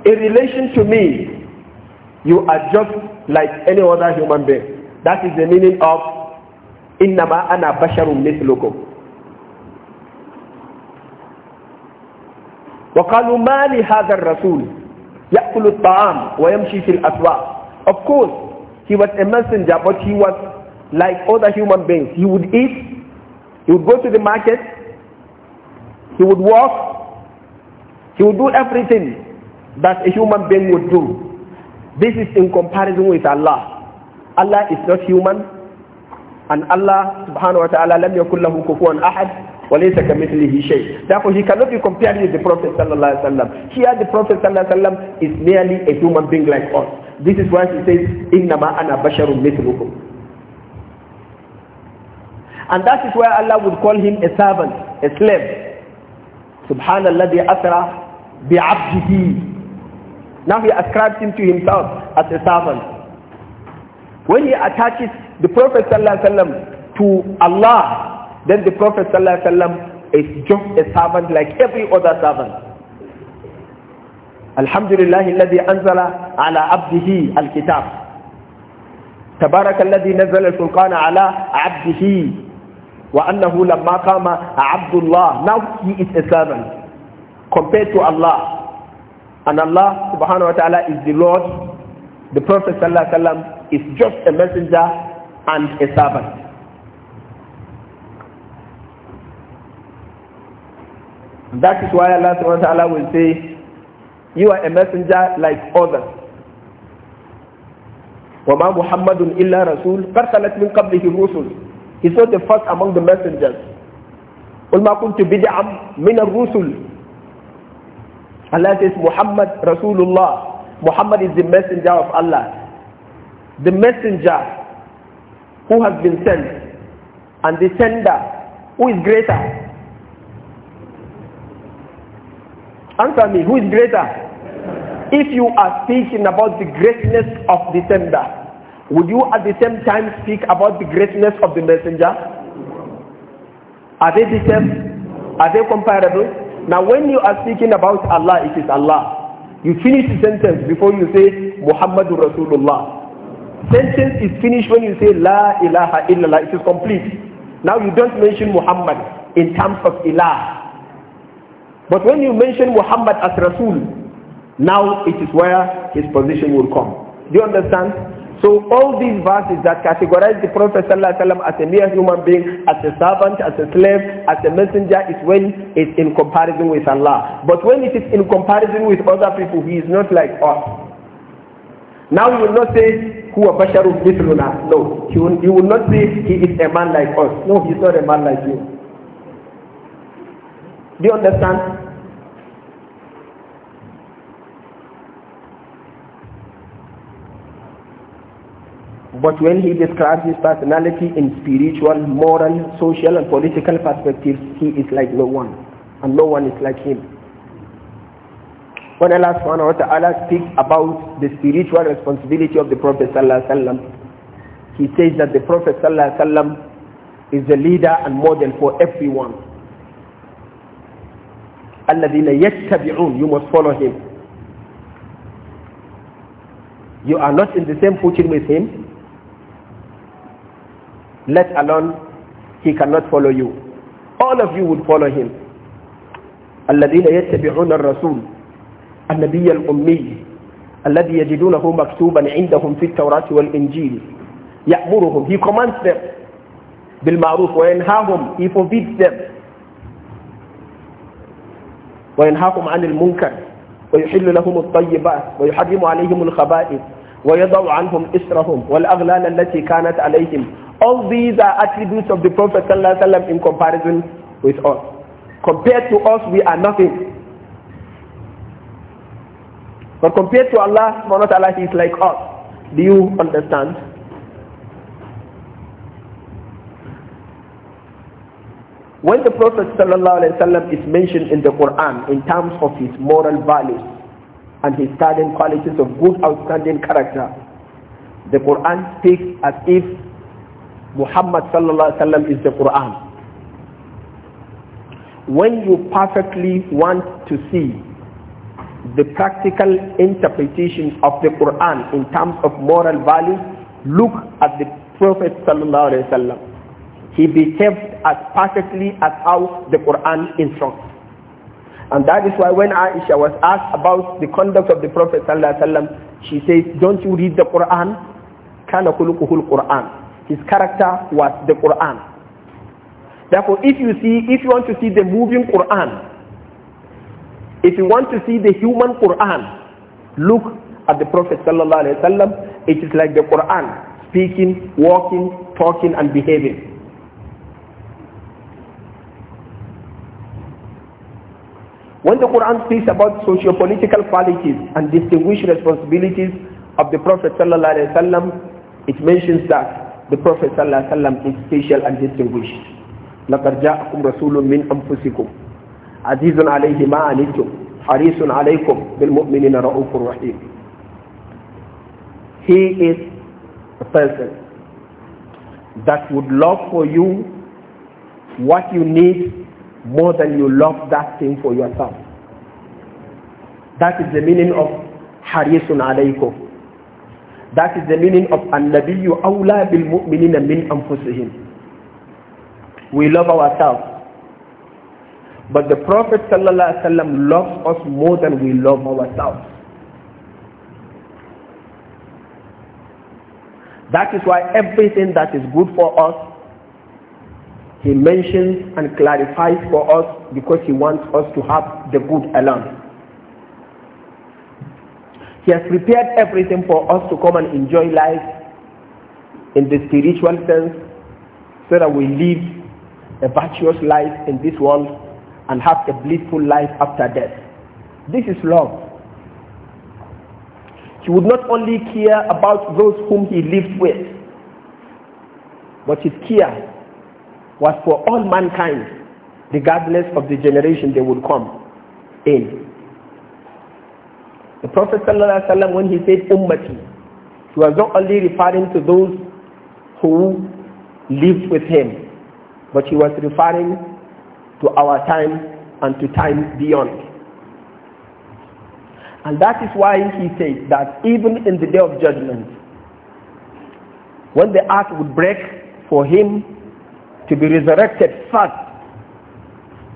in relation to me, you are just like any other human being. That is the meaning of innama ana basharun mithlukum. وقالوا ما لهذا الرسول يأكل الطعام ويمشي في الأسواق. Of course, he was a messenger, but he was like other human beings. He would eat, he would go to the market, he would walk. He would do everything that a human being would do. This is in comparison with Allah. Allah is not human. And Allah subhanahu wa ta'ala lam yakul lahu kufuwan ahad. وليس كمثله shay. therefore he cannot be compared with the prophet sallallahu alaihi wasallam here the prophet sallallahu alaihi wasallam is merely a human being like us this is why he says innama ana basharun mithlukum and that is why Allah would call him a servant a slave سبحان الذي أسرى بعبده Now he ascribes him to himself as a servant. When he attaches the Prophet الله عليه وسلم to Allah, then the Prophet الله عليه وسلم is just a servant like every other servant. الحمد لله الذي أنزل على عبده الكتاب تبارك الذي نزل الفرقان على عبده وأنه لما قام عبد الله now he is a servant compared to Allah and Allah subhanahu wa ta'ala is the Lord the Prophet sallallahu عليه وسلم is just a messenger and a servant That is why Allah subhanahu wa ta'ala will say, You are a messenger like others. وَمَا مُحَمَّدٌ إِلَّا رَسُولٌ قَرْسَلَتْ مِنْ قَبْلِهِ الرُّسُلُ He's not the first among the messengers. وَلْمَا كُنْتُ بِدْعًا مِنَ الرُّسُلِ Allah says Muhammad Rasulullah. Muhammad is the messenger of Allah. The messenger who has been sent and the sender who is greater. Answer me, who is greater? If you are speaking about the greatness of the sender, would you at the same time speak about the greatness of the messenger? Are they the same? Are they comparable? Now when you are speaking about Allah, it is Allah. You finish the sentence before you say Muhammadur Rasulullah. Sentence is finished when you say La ilaha illallah. It is complete. Now you don't mention Muhammad in terms of ilah. But when you mention Muhammad as Rasul, now it is where his position will come. Do you understand? So all these verses that categorize the Prophet ﷺ as a mere human being, as a servant, as a slave, as a messenger is when it's in comparison with Allah. But when it is in comparison with other people, he is not like us. Now you will not say, who are basharun mithluna. No, you will, you will not say he is a man like us. No, he is not a man like you. Do you understand? But when he describes his personality in spiritual, moral, social and political perspectives, he is like no one. And no one is like him. When Allah subhanahu wa ta'ala speaks about the spiritual responsibility of the Prophet sallallahu he says that the Prophet sallallahu is the leader and model for everyone. الَّذِينَ يَتَّبِعُونَ You must follow him. You are not in the same footing with him, let alone he cannot follow you. All of you would follow him. الذين يتبعون الرسول النبي الأمي الذي يجدونه مكتوبا عندهم في التوراة والإنجيل يأمرهم he commands them بالمعروف وينهاهم he forbids them وينهاهم عن المنكر ويحل لهم الطيبات ويحرم عليهم الخبائث ويضع عنهم إسرهم والأغلال التي كانت عليهم All these are attributes of the Prophet ﷺ in comparison with us. Compared to us, we are nothing. But compared to Allah, Allah is like us. Do you understand? When the Prophet ﷺ is mentioned in the Quran in terms of his moral values and his certain qualities of good outstanding character, the Quran speaks as if Muhammad sallallahu alaihi wasallam is the Quran. When you perfectly want to see the practical interpretation of the Quran in terms of moral values, look at the Prophet sallallahu alaihi wasallam. He behaved as perfectly as how the Quran instructs. And that is why when Aisha was asked about the conduct of the Prophet sallallahu alaihi wasallam, she says, "Don't you read the Quran?" كان خلقه القرآن his character was the Quran. Therefore, if you see, if you want to see the moving Quran, if you want to see the human Quran, look at the Prophet sallallahu alaihi wasallam. It is like the Quran speaking, walking, talking, and behaving. When the Quran speaks about socio-political qualities and distinguished responsibilities of the Prophet ﷺ, it mentions that the Prophet ﷺ is special and distinguished. لَقَدْ جَاءَكُمْ رَسُولٌ مِّنْ أَنفُسِكُمْ عَزِيزٌ عَلَيْهِ مَا عَنِتُّمْ حَرِيصٌ عَلَيْكُمْ بِالْمُؤْمِنِينَ رَؤُوفٌ رَحِيمٌ He is a person that would love for you what you need more than you love that thing for yourself. That is the meaning of حَرِيصٌ عَلَيْكُمْ that is the meaning of An-Nabiyyu awla bil mu'minina min anfusihim. We love ourselves. But the Prophet sallallahu alaihi wasallam loves us more than we love ourselves. That is why everything that is good for us, he mentions and clarifies for us because he wants us to have the good alone. He has prepared everything for us to come and enjoy life in the spiritual sense so that we live a virtuous life in this world and have a blissful life after death. This is love. He would not only care about those whom he lived with, but his care was for all mankind, regardless of the generation they would come in. The Prophet ﷺ, when he said ummati, he was not only referring to those who lived with him, but he was referring to our time and to time beyond. And that is why he says that even in the day of judgment, when the earth would break for him to be resurrected first,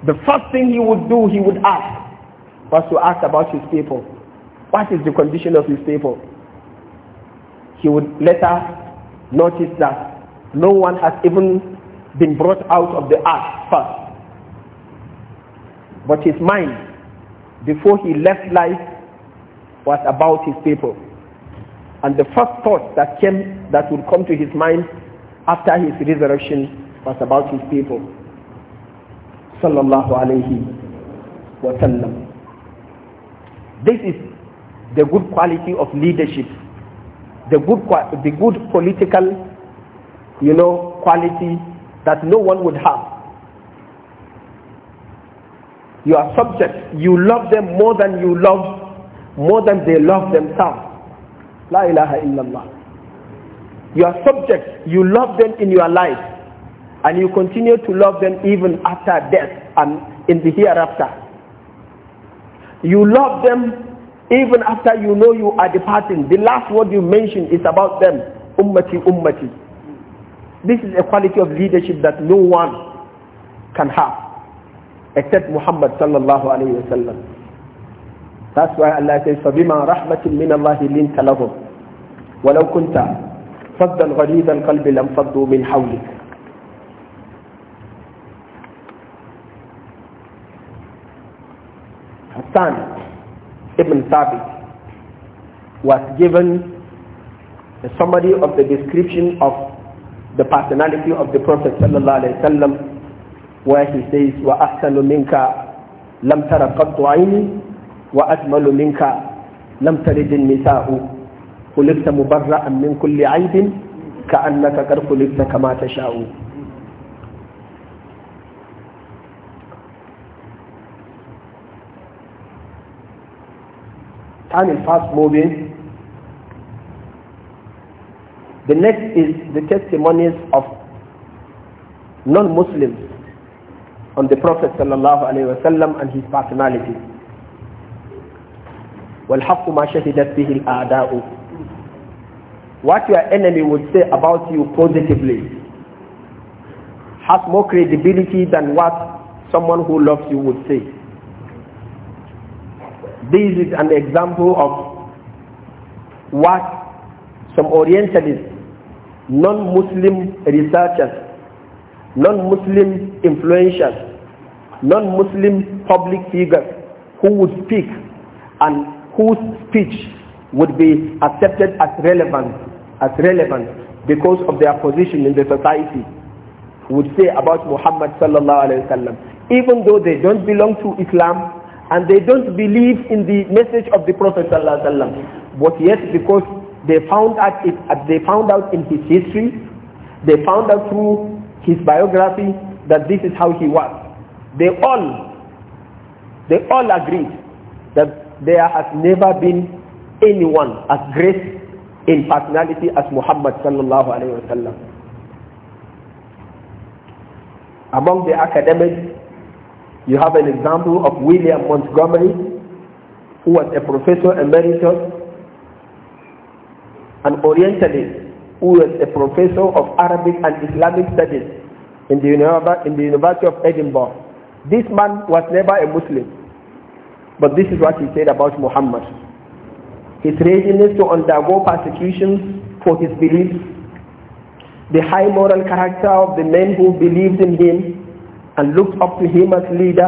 the first thing he would do, he would ask, was to ask about his people. What is the condition of his people? He would later notice that no one has even been brought out of the earth first. But his mind, before he left life, was about his people. And the first thought that came, that would come to his mind after his resurrection was about his people. Sallallahu alayhi wa sallam. This is the good quality of leadership, the good, the good political, you know, quality that no one would have. You are subject. you love them more than you love, more than they love themselves. La ilaha illallah. You are subject. you love them in your life and you continue to love them even after death and in the hereafter. You love them even after you know you are departing, the last word you mention is about them, ummati, ummati. This is a quality of leadership that no one can have except Muhammad sallallahu alayhi wa sallam. That's why Allah says, فَبِمَا رَحْمَةٍ مِّنَ اللَّهِ لِنْتَ لَهُمْ وَلَوْ كُنْتَ فَضًّا غَلِيظَ الْقَلْبِ لَمْ فَضُّوا مِنْ حَوْلِكَ ibn Thabit was given a summary of the description of the personality of the Prophet sallallahu alaihi where he says wa ahsanu minka lam tara qattu ayni wa ajmalu minka lam tarid nisa'u خلقت مبرأ min kulli عيب كأنك قد خلقت kama tasha'u and fast moving. The next is the testimonies of non-Muslims on the Prophet sallallahu and his personality. وَالْحَقُّ مَا شَهِدَتْ بِهِ الْأَعْدَاءُ What your enemy would say about you positively has more credibility than what someone who loves you would say. This is an example of what some Orientalists, non-Muslim researchers, non-Muslim influencers, non-Muslim public figures who would speak and whose speech would be accepted as relevant, as relevant because of their position in the society would say about Muhammad sallallahu alaihi wasallam even though they don't belong to Islam and they don't believe in the message of the Prophet ﷺ. But yet, because they found out it, uh, they found out in his history, they found out through his biography that this is how he was. They all, they all agreed that there has never been anyone as great in personality as Muhammad sallallahu alaihi wasallam. Among the academics, you have an example of William Montgomery, who was a professor emeritus, an Orientalist, who was a professor of Arabic and Islamic studies in the, in the University of Edinburgh. This man was never a Muslim, but this is what he said about Muhammad. His readiness to undergo persecutions for his beliefs, the high moral character of the men who believed in him, and looked up to him as leader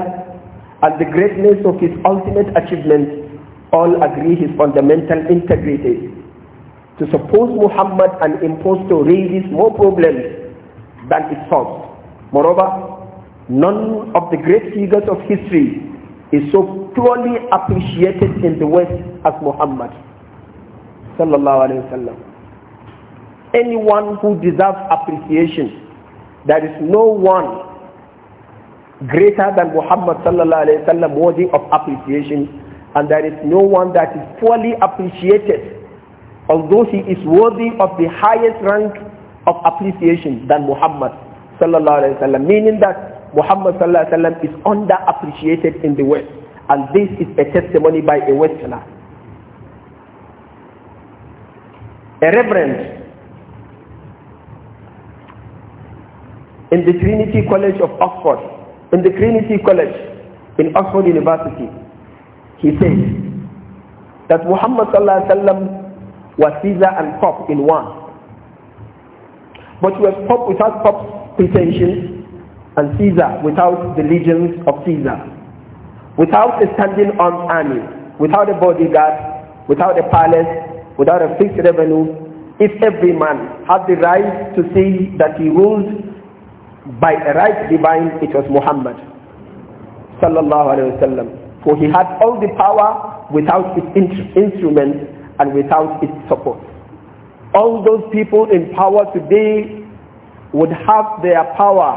and the greatness of his ultimate achievement all agree his fundamental integrity. To suppose Muhammad an impostor raises more problems than it solves. Moreover, none of the great figures of history is so poorly appreciated in the West as Muhammad. Sallallahu Alaihi Wasallam. Anyone who deserves appreciation, there is no one greater than Muhammad sallallahu alayhi wa sallam worthy of appreciation and there is no one that is fully appreciated although he is worthy of the highest rank of appreciation than Muhammad sallallahu alayhi wa sallam meaning that Muhammad sallallahu alayhi wa sallam is underappreciated in the West and this is a testimony by a Westerner. A reverend in the Trinity College of Oxford in the Trinity College in Oxford University, he said that Muhammad was Caesar and Pope in one. But he was Pope without Pope's pretensions and Caesar without the legions of Caesar, without a standing armed army, without a bodyguard, without a palace, without a fixed revenue. If every man had the right to say that he ruled by a right divine it was Muhammad sallallahu alaihi wasallam for he had all the power without its instruments and without its support all those people in power today would have their power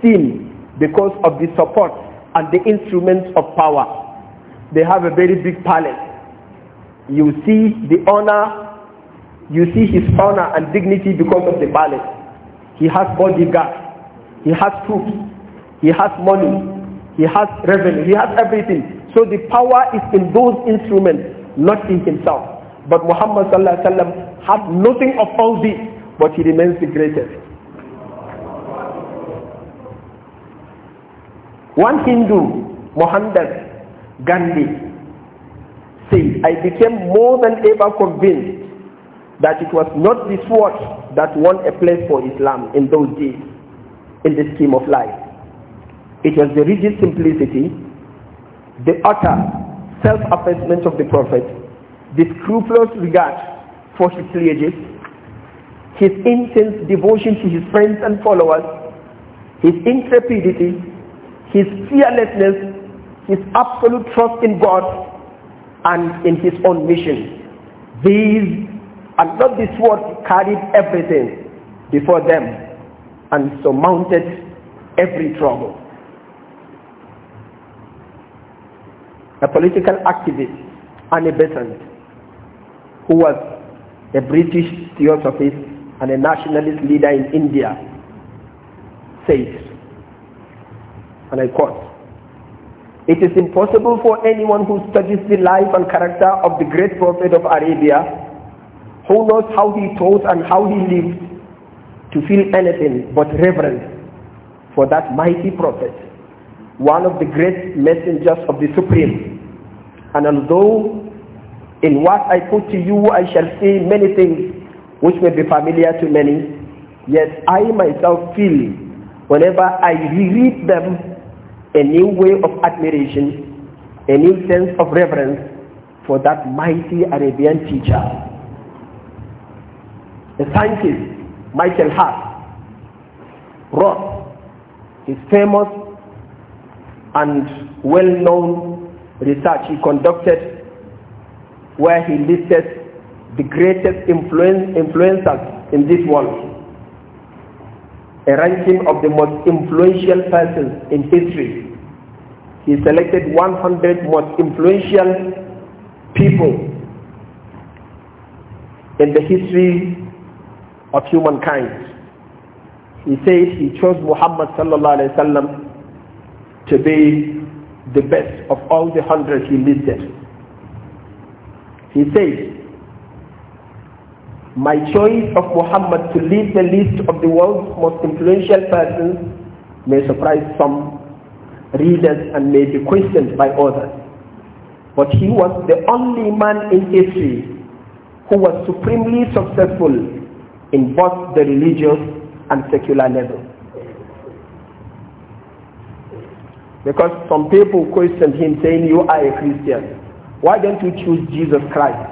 seen because of the support and the instruments of power they have a very big palace you see the honor you see his honor and dignity because of the palace he has bodyguards he has troops, he has money, he has revenue, he has everything. So the power is in those instruments, not in himself. But Muhammad sallallahu alaihi wasallam had nothing of all this, but he remains the greatest. One Hindu, Mohandas Gandhi, said, I became more than ever convinced that it was not the sword that won a place for Islam in those days in the scheme of life. It was the rigid simplicity, the utter self-effacement of the Prophet, the scrupulous regard for his lineages, his intense devotion to his friends and followers, his intrepidity, his fearlessness, his absolute trust in God and in his own mission. These and not this word, carried everything before them and surmounted every trouble. A political activist, Annie Besant, who was a British theosophist and a nationalist leader in India, says, and I quote, it is impossible for anyone who studies the life and character of the great prophet of Arabia, who knows how he taught and how he lived, to feel anything but reverence for that mighty prophet, one of the great messengers of the Supreme. And although in what I put to you I shall say many things which may be familiar to many, yet I myself feel whenever I reread them a new way of admiration, a new sense of reverence for that mighty Arabian teacher. A scientist Michael Hart wrote his famous and well-known research he conducted where he listed the greatest influence, influencers in this world. A ranking of the most influential persons in history. He selected 100 most influential people in the history of humankind. He says he chose Muhammad sallallahu to be the best of all the hundred he listed. He says, my choice of Muhammad to lead the list of the world's most influential persons may surprise some readers and may be questioned by others. But he was the only man in history who was supremely successful in both the religious and secular level. Because some people questioned him saying, you are a Christian. Why don't you choose Jesus Christ?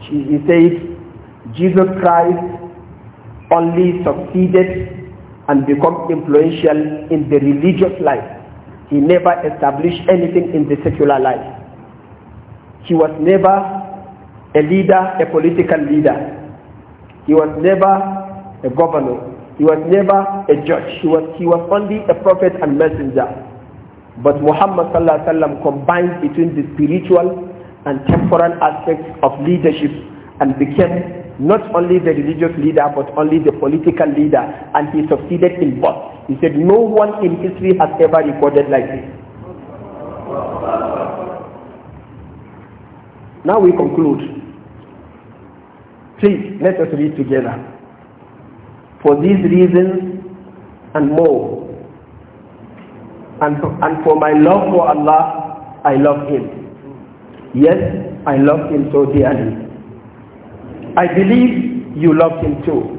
He says, Jesus Christ only succeeded and become influential in the religious life. He never established anything in the secular life. He was never a leader, a political leader. He was never a governor. He was never a judge. He was, he was only a prophet and messenger. But Muhammad sallallahu combined between the spiritual and temporal aspects of leadership and became not only the religious leader but only the political leader and he succeeded in both. He said no one in history has ever recorded like this. Now we conclude. Please, let us read together. For these reasons and more, and, and for my love for Allah, I love Him. Yes, I love Him so dearly. I believe you love Him too.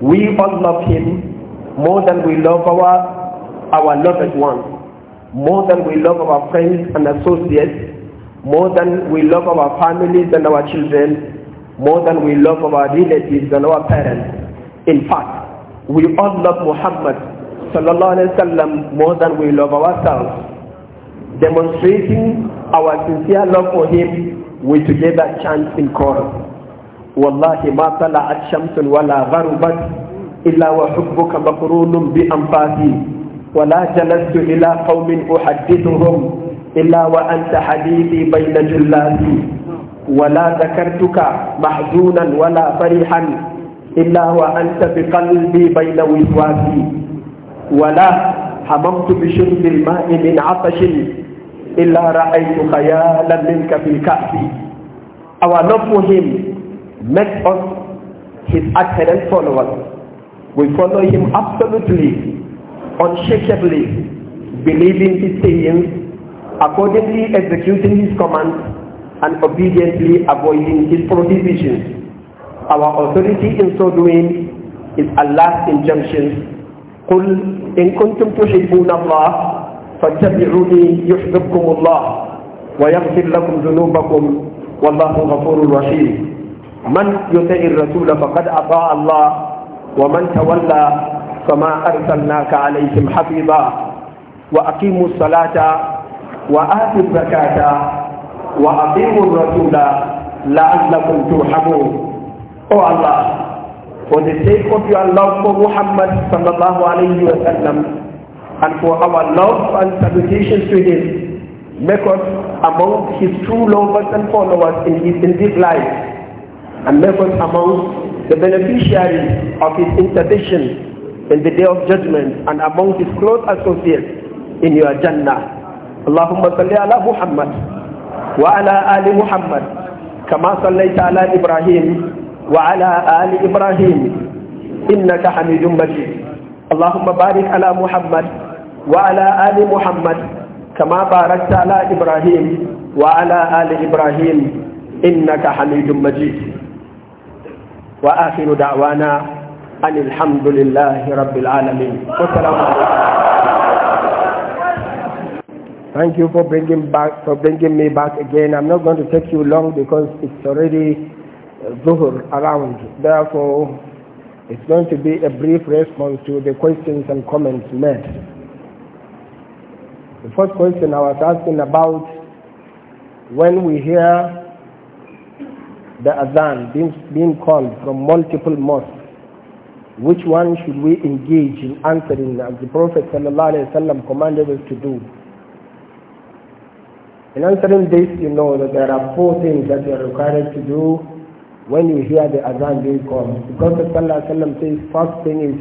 We all love Him more than we love our, our loved ones, more than we love our friends and associates, more than we love our families and our children, more than we love our relatives and our parents. In fact, we all love Muhammad sallallahu alaihi wasallam more than we love ourselves. Demonstrating our sincere love for him, we together chant in chorus. والله ما طلعت شمس ولا غربت إلا وحبك مقرون بأنفاسي ولا جلست إلى قوم illa wa anta حديثي بين جلاتي ولا ذكرتك محزونا ولا فرحا إلا وأنت بقلبي بين وسواسي ولا هممت بشرب الماء من عطش إلا رأيت خيالا منك في الكأس Our love for him makes us his adherent followers. We follow him absolutely, unshakably, believing his sayings, accordingly executing his commands, and obediently avoiding his prohibitions. Our authority in so doing is Allah's injunction. قل إن كنتم تحبون الله فاتبعوني يحببكم الله ويغفر لكم ذنوبكم والله غفور رحيم من يطع الرسول فقد أطاع الله ومن تولى فما أرسلناك عليهم حفيظا وأقيموا الصلاة وآتوا الزكاة وأطيعوا الرسول لعلكم ترحمون o Allah, for the sake of your love for Muhammad sallallahu alayhi wa sallam, and for our love and salutations to him, make us among his true lovers and followers in, his, in this life, and make us among the beneficiaries of his intercession in the day of judgment, and among his close associates in your Jannah. Allahumma salli ala وعلى آل محمد كما صليت على إبراهيم وعلى آل إبراهيم إنك حميد مجيد اللهم بارك على محمد وعلى آل محمد كما باركت على إبراهيم وعلى آل إبراهيم إنك حميد مجيد وآخر دعوانا أن الحمد لله رب العالمين والسلام عليكم Thank you for bringing back for bringing me back again. I'm not going to take you long because it's already uh, zuhur around. Therefore, it's going to be a brief response to the questions and comments made. The first question I was asking about when we hear the adhan being, being called from multiple mosques, which one should we engage in answering as the Prophet ﷺ commanded us to do? In answering this, you know that there are four things that you are required to do when you hear the azan being called. Because the Prophet says, first thing is,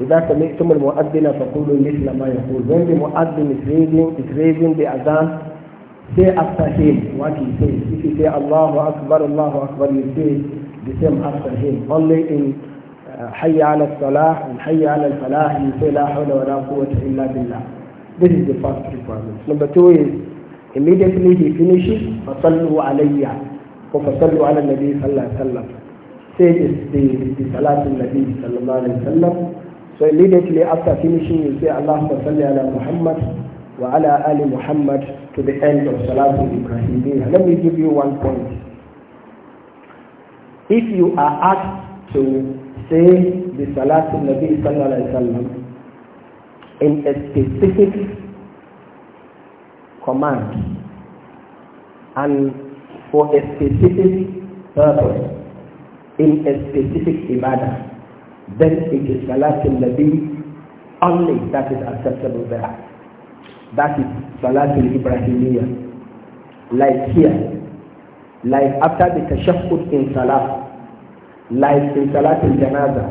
إذا سمعتم المؤذن فقولوا مثل ما يقول. When the muazzin is raising, is raising the azan, say after him what he says. If you say Allahu Akbar, Allahu Akbar, you say the same after him. Only in حي uh, على in حي على الفلاح you say لا حول ولا قوة إلا بالله. This is the first requirement. Number two is Immediately he finishes, فَصَلُّوا عَلَيَّ or فَصَلُّوا عَلَى النَّبِي صلى الله عليه وسلم. Say it's the, the Salatul Nabi صلى الله عليه وسلم. So immediately after finishing, you say, Allahumma salli ala Muhammad wa ala ali Muhammad to the end of Salatul Ibrahimiyya. Let me give you one point. If you are asked to say the Salatul صلى الله عليه وسلم in a specific command and for a specific purpose in a specific ibadah, then it is Salatul Nabi only that is acceptable there. That is Salatul Ibrahimiyya. Like here, like after the put in salat, like in Salatul Janazah,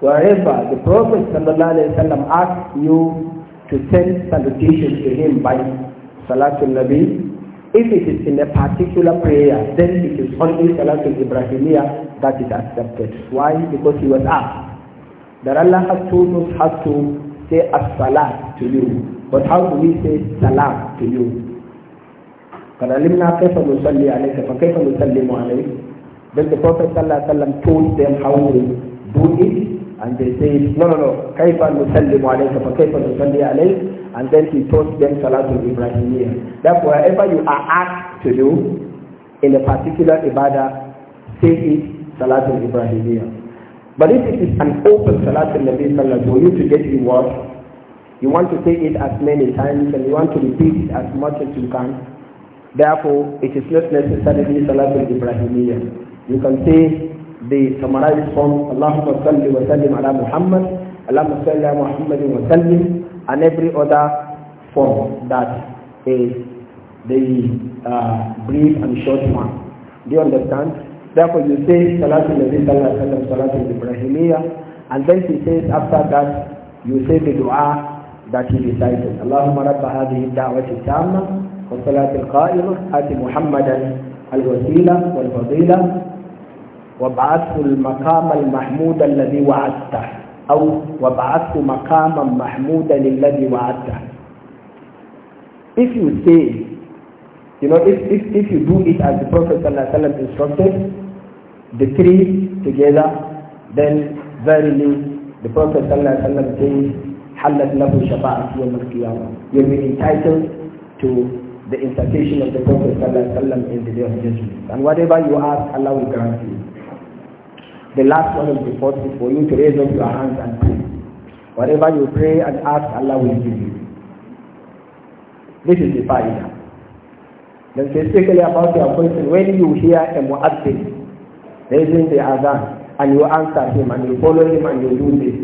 wherever the Prophet ﷺ asked you to send salutations to him by Salatul Nabi. If it is in a particular prayer, then it is only Salatul Ibrahimiyya that is accepted. Why? Because he was asked that Allah has told us how to say as-salat to you. But how do we say Salat to you? قد كيف نصلي عليك فكيف نسلم عليك Then the Prophet told them how to do it and they say no, no, no, كيف نسلم عليك فكيف نصلي عليك? And then he taught them Salatul Ibrahimiyya. Therefore, whatever you are asked to do in a particular ibadah, say it Salatul Ibrahimiyya. But if it is an open Salatul Nabi Sallallahu for you to get reward, you want to say it as many times and you want to repeat it as much as you can. Therefore, it is not necessarily Salatul Ibrahimiyya. You can say the summarized form Allahumma salli wa sallim ala Muhammad, Allahumma salli ala Muhammad wa sallim, and every other form that is the uh, brief and short one. Do you understand? Therefore you say Salatul Nabi Sallallahu Alaihi Wasallam, Salatul Ibrahimiyya, and then he says after that you say the dua that he recited. Allahumma rabba hadihi da'wati tamma wa salatil qa'imah ati Muhammadan al-wasila wal-fadila وابعثه المقام المحمود الذي وعدته أو وابعثه مقاما محمودا الذي وعدته If you say, you know, if, if, if you do it as the Prophet صلى الله عليه وسلم instructed, the three together, then verily the Prophet صلى الله عليه وسلم says, حَلَّتْ لَهُ شَفَاعَةِ يَوْمَ الْقِيَامَةِ You'll be entitled to the intercession of the Prophet صلى الله عليه وسلم in the Day of Judgment. And whatever you ask, Allah will grant you. The last one is the fourth for you to raise up your hands and pray. Whatever you pray and ask, Allah will give you. This is the final. Then specifically about your question, when you hear a mu'addin raising the adhan, and you answer him and you follow him and you do this.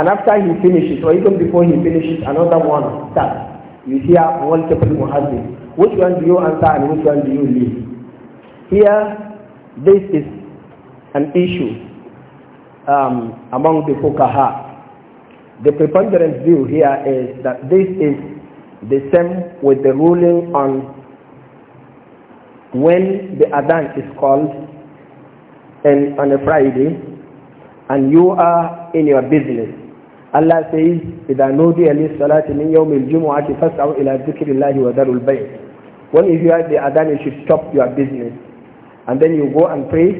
And after he finishes, or even before he finishes, another one starts. You hear multiple muhaddis. Which one do you answer and which one do you leave? Here, this is an issue um, among the fuqaha. The preponderant view here is that this is the same with the ruling on when the adhan is called and on a Friday and you are in your business. Allah says, إِذَا نُودِيَ لِلصَّلَاةِ مِنْ يَوْمِ الْجُمُعَةِ فَاسْعَوْا إِلَى ذِكْرِ اللَّهِ وَذَرُوا الْبَيْعِ When you hear the adhan, you should stop your business. And then you go and pray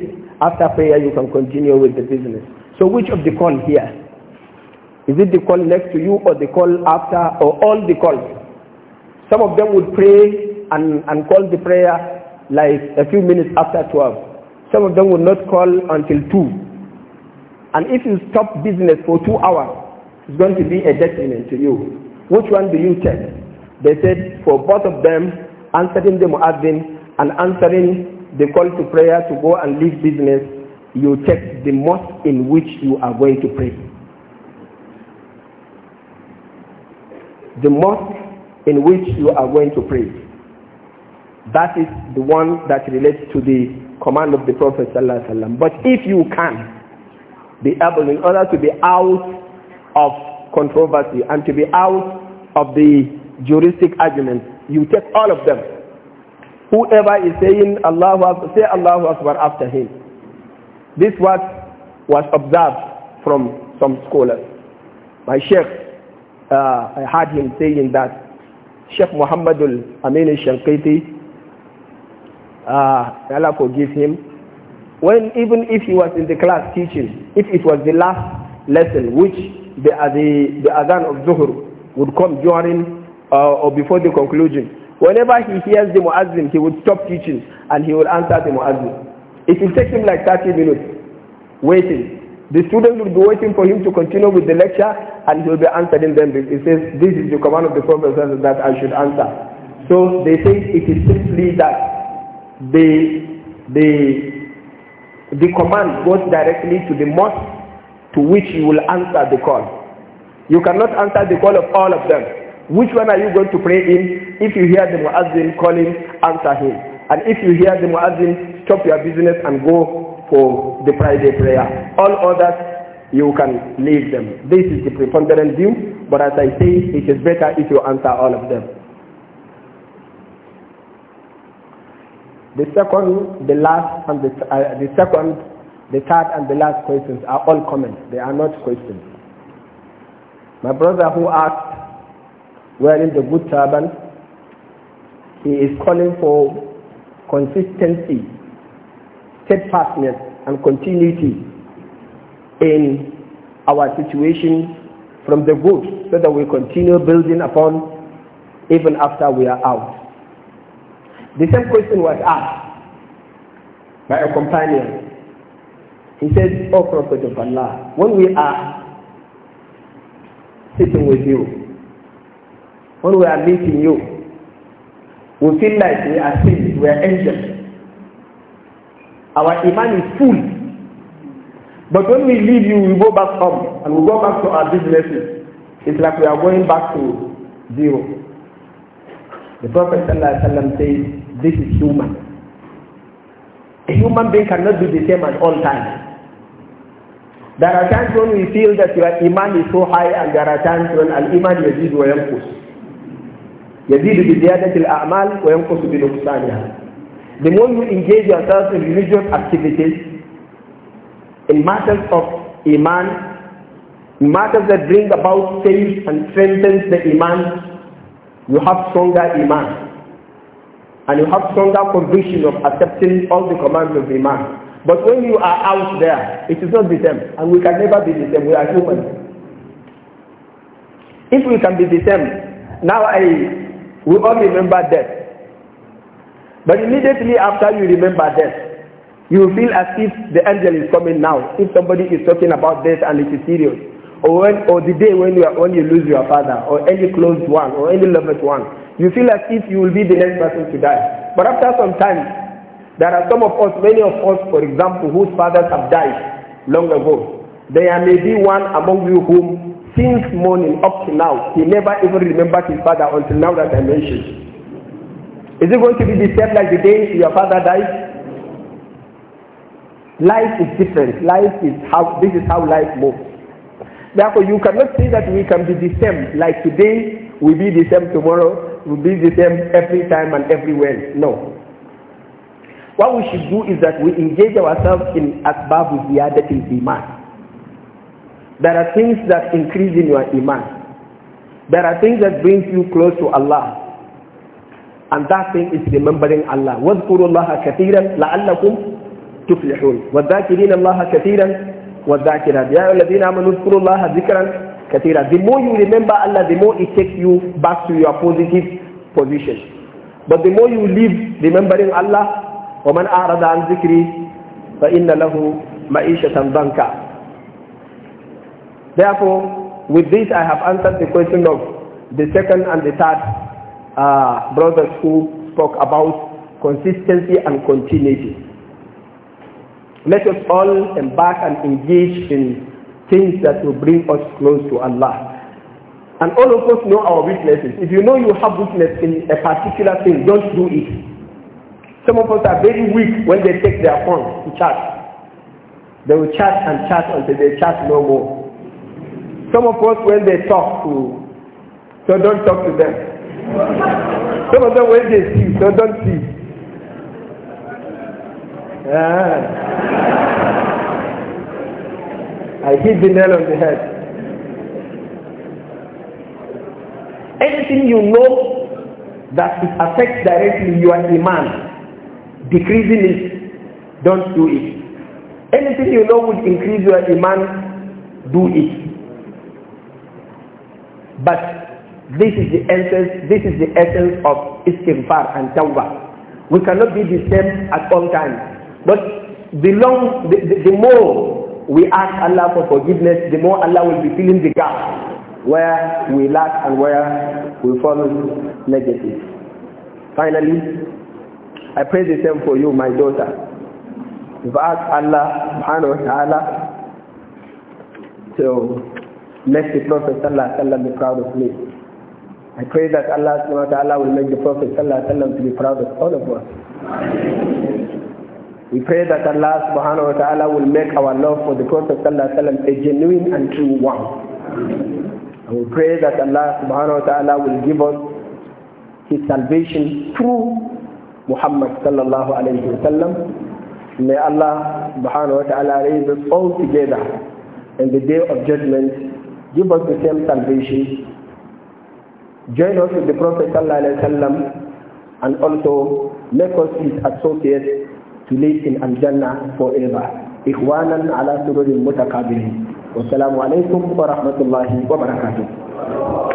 after prayer, you can continue with the business. So which of the call here? Is it the call next to you or the call after or all the calls? Some of them would pray and, and call the prayer like a few minutes after 12. Some of them would not call until 2. And if you stop business for 2 hours, it's going to be a detriment to you. Which one do you take? They said for both of them, answering the muazzin and answering the call to prayer to go and leave business, you take the mosque in which you are going to pray. The mosque in which you are going to pray. That is the one that relates to the command of the Prophet ﷺ. But if you can be able, in order to be out of controversy and to be out of the juristic arguments, you take all of them whoever is saying Allahu say Allahu Akbar after him. This was was observed from some scholars. My sheikh, uh, I heard him saying that Sheikh Muhammadul Amin Shankiti, uh, Allah forgive him, when even if he was in the class teaching, if it was the last lesson which the, the, the Adhan of Zuhr would come during uh, or before the conclusion, Whenever he hears the muazzin, he would stop teaching and he would answer the muazzin. It will take him like 30 minutes waiting. The students will be waiting for him to continue with the lecture and he will be answering them. He says, this is the command of the Prophet that I should answer. So they say it is simply that the, the, the command goes directly to the mosque to which you will answer the call. You cannot answer the call of all of them. Which one are you going to pray in? If you hear the muazzin calling, answer him. And if you hear the muazzin, stop your business and go for the Friday prayer. All others, you can leave them. This is the preponderant view, but as I say, it is better if you answer all of them. The second, the last, and the, uh, the second, the third, and the last questions are all comments. They are not questions. My brother who asked wearing the good turban. He is calling for consistency, steadfastness, and continuity in our situation from the good so that we continue building upon even after we are out. The same question was asked by a companion. He said, O Prophet of Allah, when we are sitting with you, when we are meeting you, we feel like we are saints, we are angels. Our iman is full. But when we leave you, we go back home and we go back to our businesses. It's like we are going back to zero. The Prophet ﷺ says, this is human. A human being cannot be the same at all times. There are times when we feel that your iman is so high and there are times when al-iman is wa low." يزيد بزيادة الأعمال وينقص بنقصانها The more you engage yourself in religious activities, in matters of Iman, matters that bring about faith and strengthens the Iman, you have stronger Iman. And you have stronger conviction of accepting all the commands of Iman. But when you are out there, it is not the same. And we can never be the same. We are human. If we can be the same, now I We all remember death. But immediately after you remember death, you feel as if the angel is coming now. If somebody is talking about death and it is serious, or when, or the day when you are, when you lose your father, or any close one, or any loved one, you feel as if you will be the next person to die. But after some time, there are some of us, many of us, for example, whose fathers have died long ago. There may be one among you whom since morning up to now, he never even remembered his father until now that I mentioned. Is it going to be the same like the day your father died? Life is different. Life is how this is how life moves. Therefore, you cannot say that we can be the same. Like today, we be the same tomorrow, we be the same every time and everywhere. No. What we should do is that we engage ourselves in asbab ziyadat al-iman. There are things that increase in your iman. There are things that brings you close to Allah. And that thing is remembering Allah. واذكروا الله كثيرا لعلكم تفلحون والذاكرين الله كثيرا والذاكرات يا الذين آمنوا اذكروا الله ذكرا كثيرا The more you remember Allah, the more it takes you back to your positive position. But the more you live remembering Allah, ومن أعرض عن ذكري فإن له معيشة ضنكا Therefore, with this I have answered the question of the second and the third uh, brothers who spoke about consistency and continuity. Let us all embark and engage in things that will bring us close to Allah. And all of us know our weaknesses. If you know you have weakness in a particular thing, don't do it. Some of us are very weak when they take their phone to charge. They will charge and charge until they charge no more. Some of us, when they talk to, so don't talk to them. Some of them, when they see, so don't see. Ah. I hit the nail on the head. Anything you know that it affects directly your demand, decreasing it, don't do it. Anything you know would increase your demand, do it. But this is the essence, this is the essence of istighfar and tawbah. We cannot be the same at all times. But the, long, the, the, the more we ask Allah for forgiveness, the more Allah will be filling the gap where we lack and where we fall negative. Finally, I pray the same for you, my daughter. You've asked Allah subhanahu wa ta'ala to Make the Prophet Sallallahu Alaihi Wasallam be proud of me. I pray that Allah subhanahu wa ta'ala will make the Prophet Sallallahu Wasallam to be proud of all of us. We pray that Allah subhanahu wa ta'ala will make our love for the Prophet Sallallahu Wasallam a genuine and true one. And we pray that Allah subhanahu wa ta'ala will give us his salvation through Muhammad sallallahu alayhi wa sallam. May Allah subhanahu wa ta'ala raise us all together in the day of judgment give us the same salvation. Join us with the Prophet ﷺ and also make us his associates to live in Al-Jannah forever. إخوانا على سرور متقابلين والسلام عليكم ورحمة الله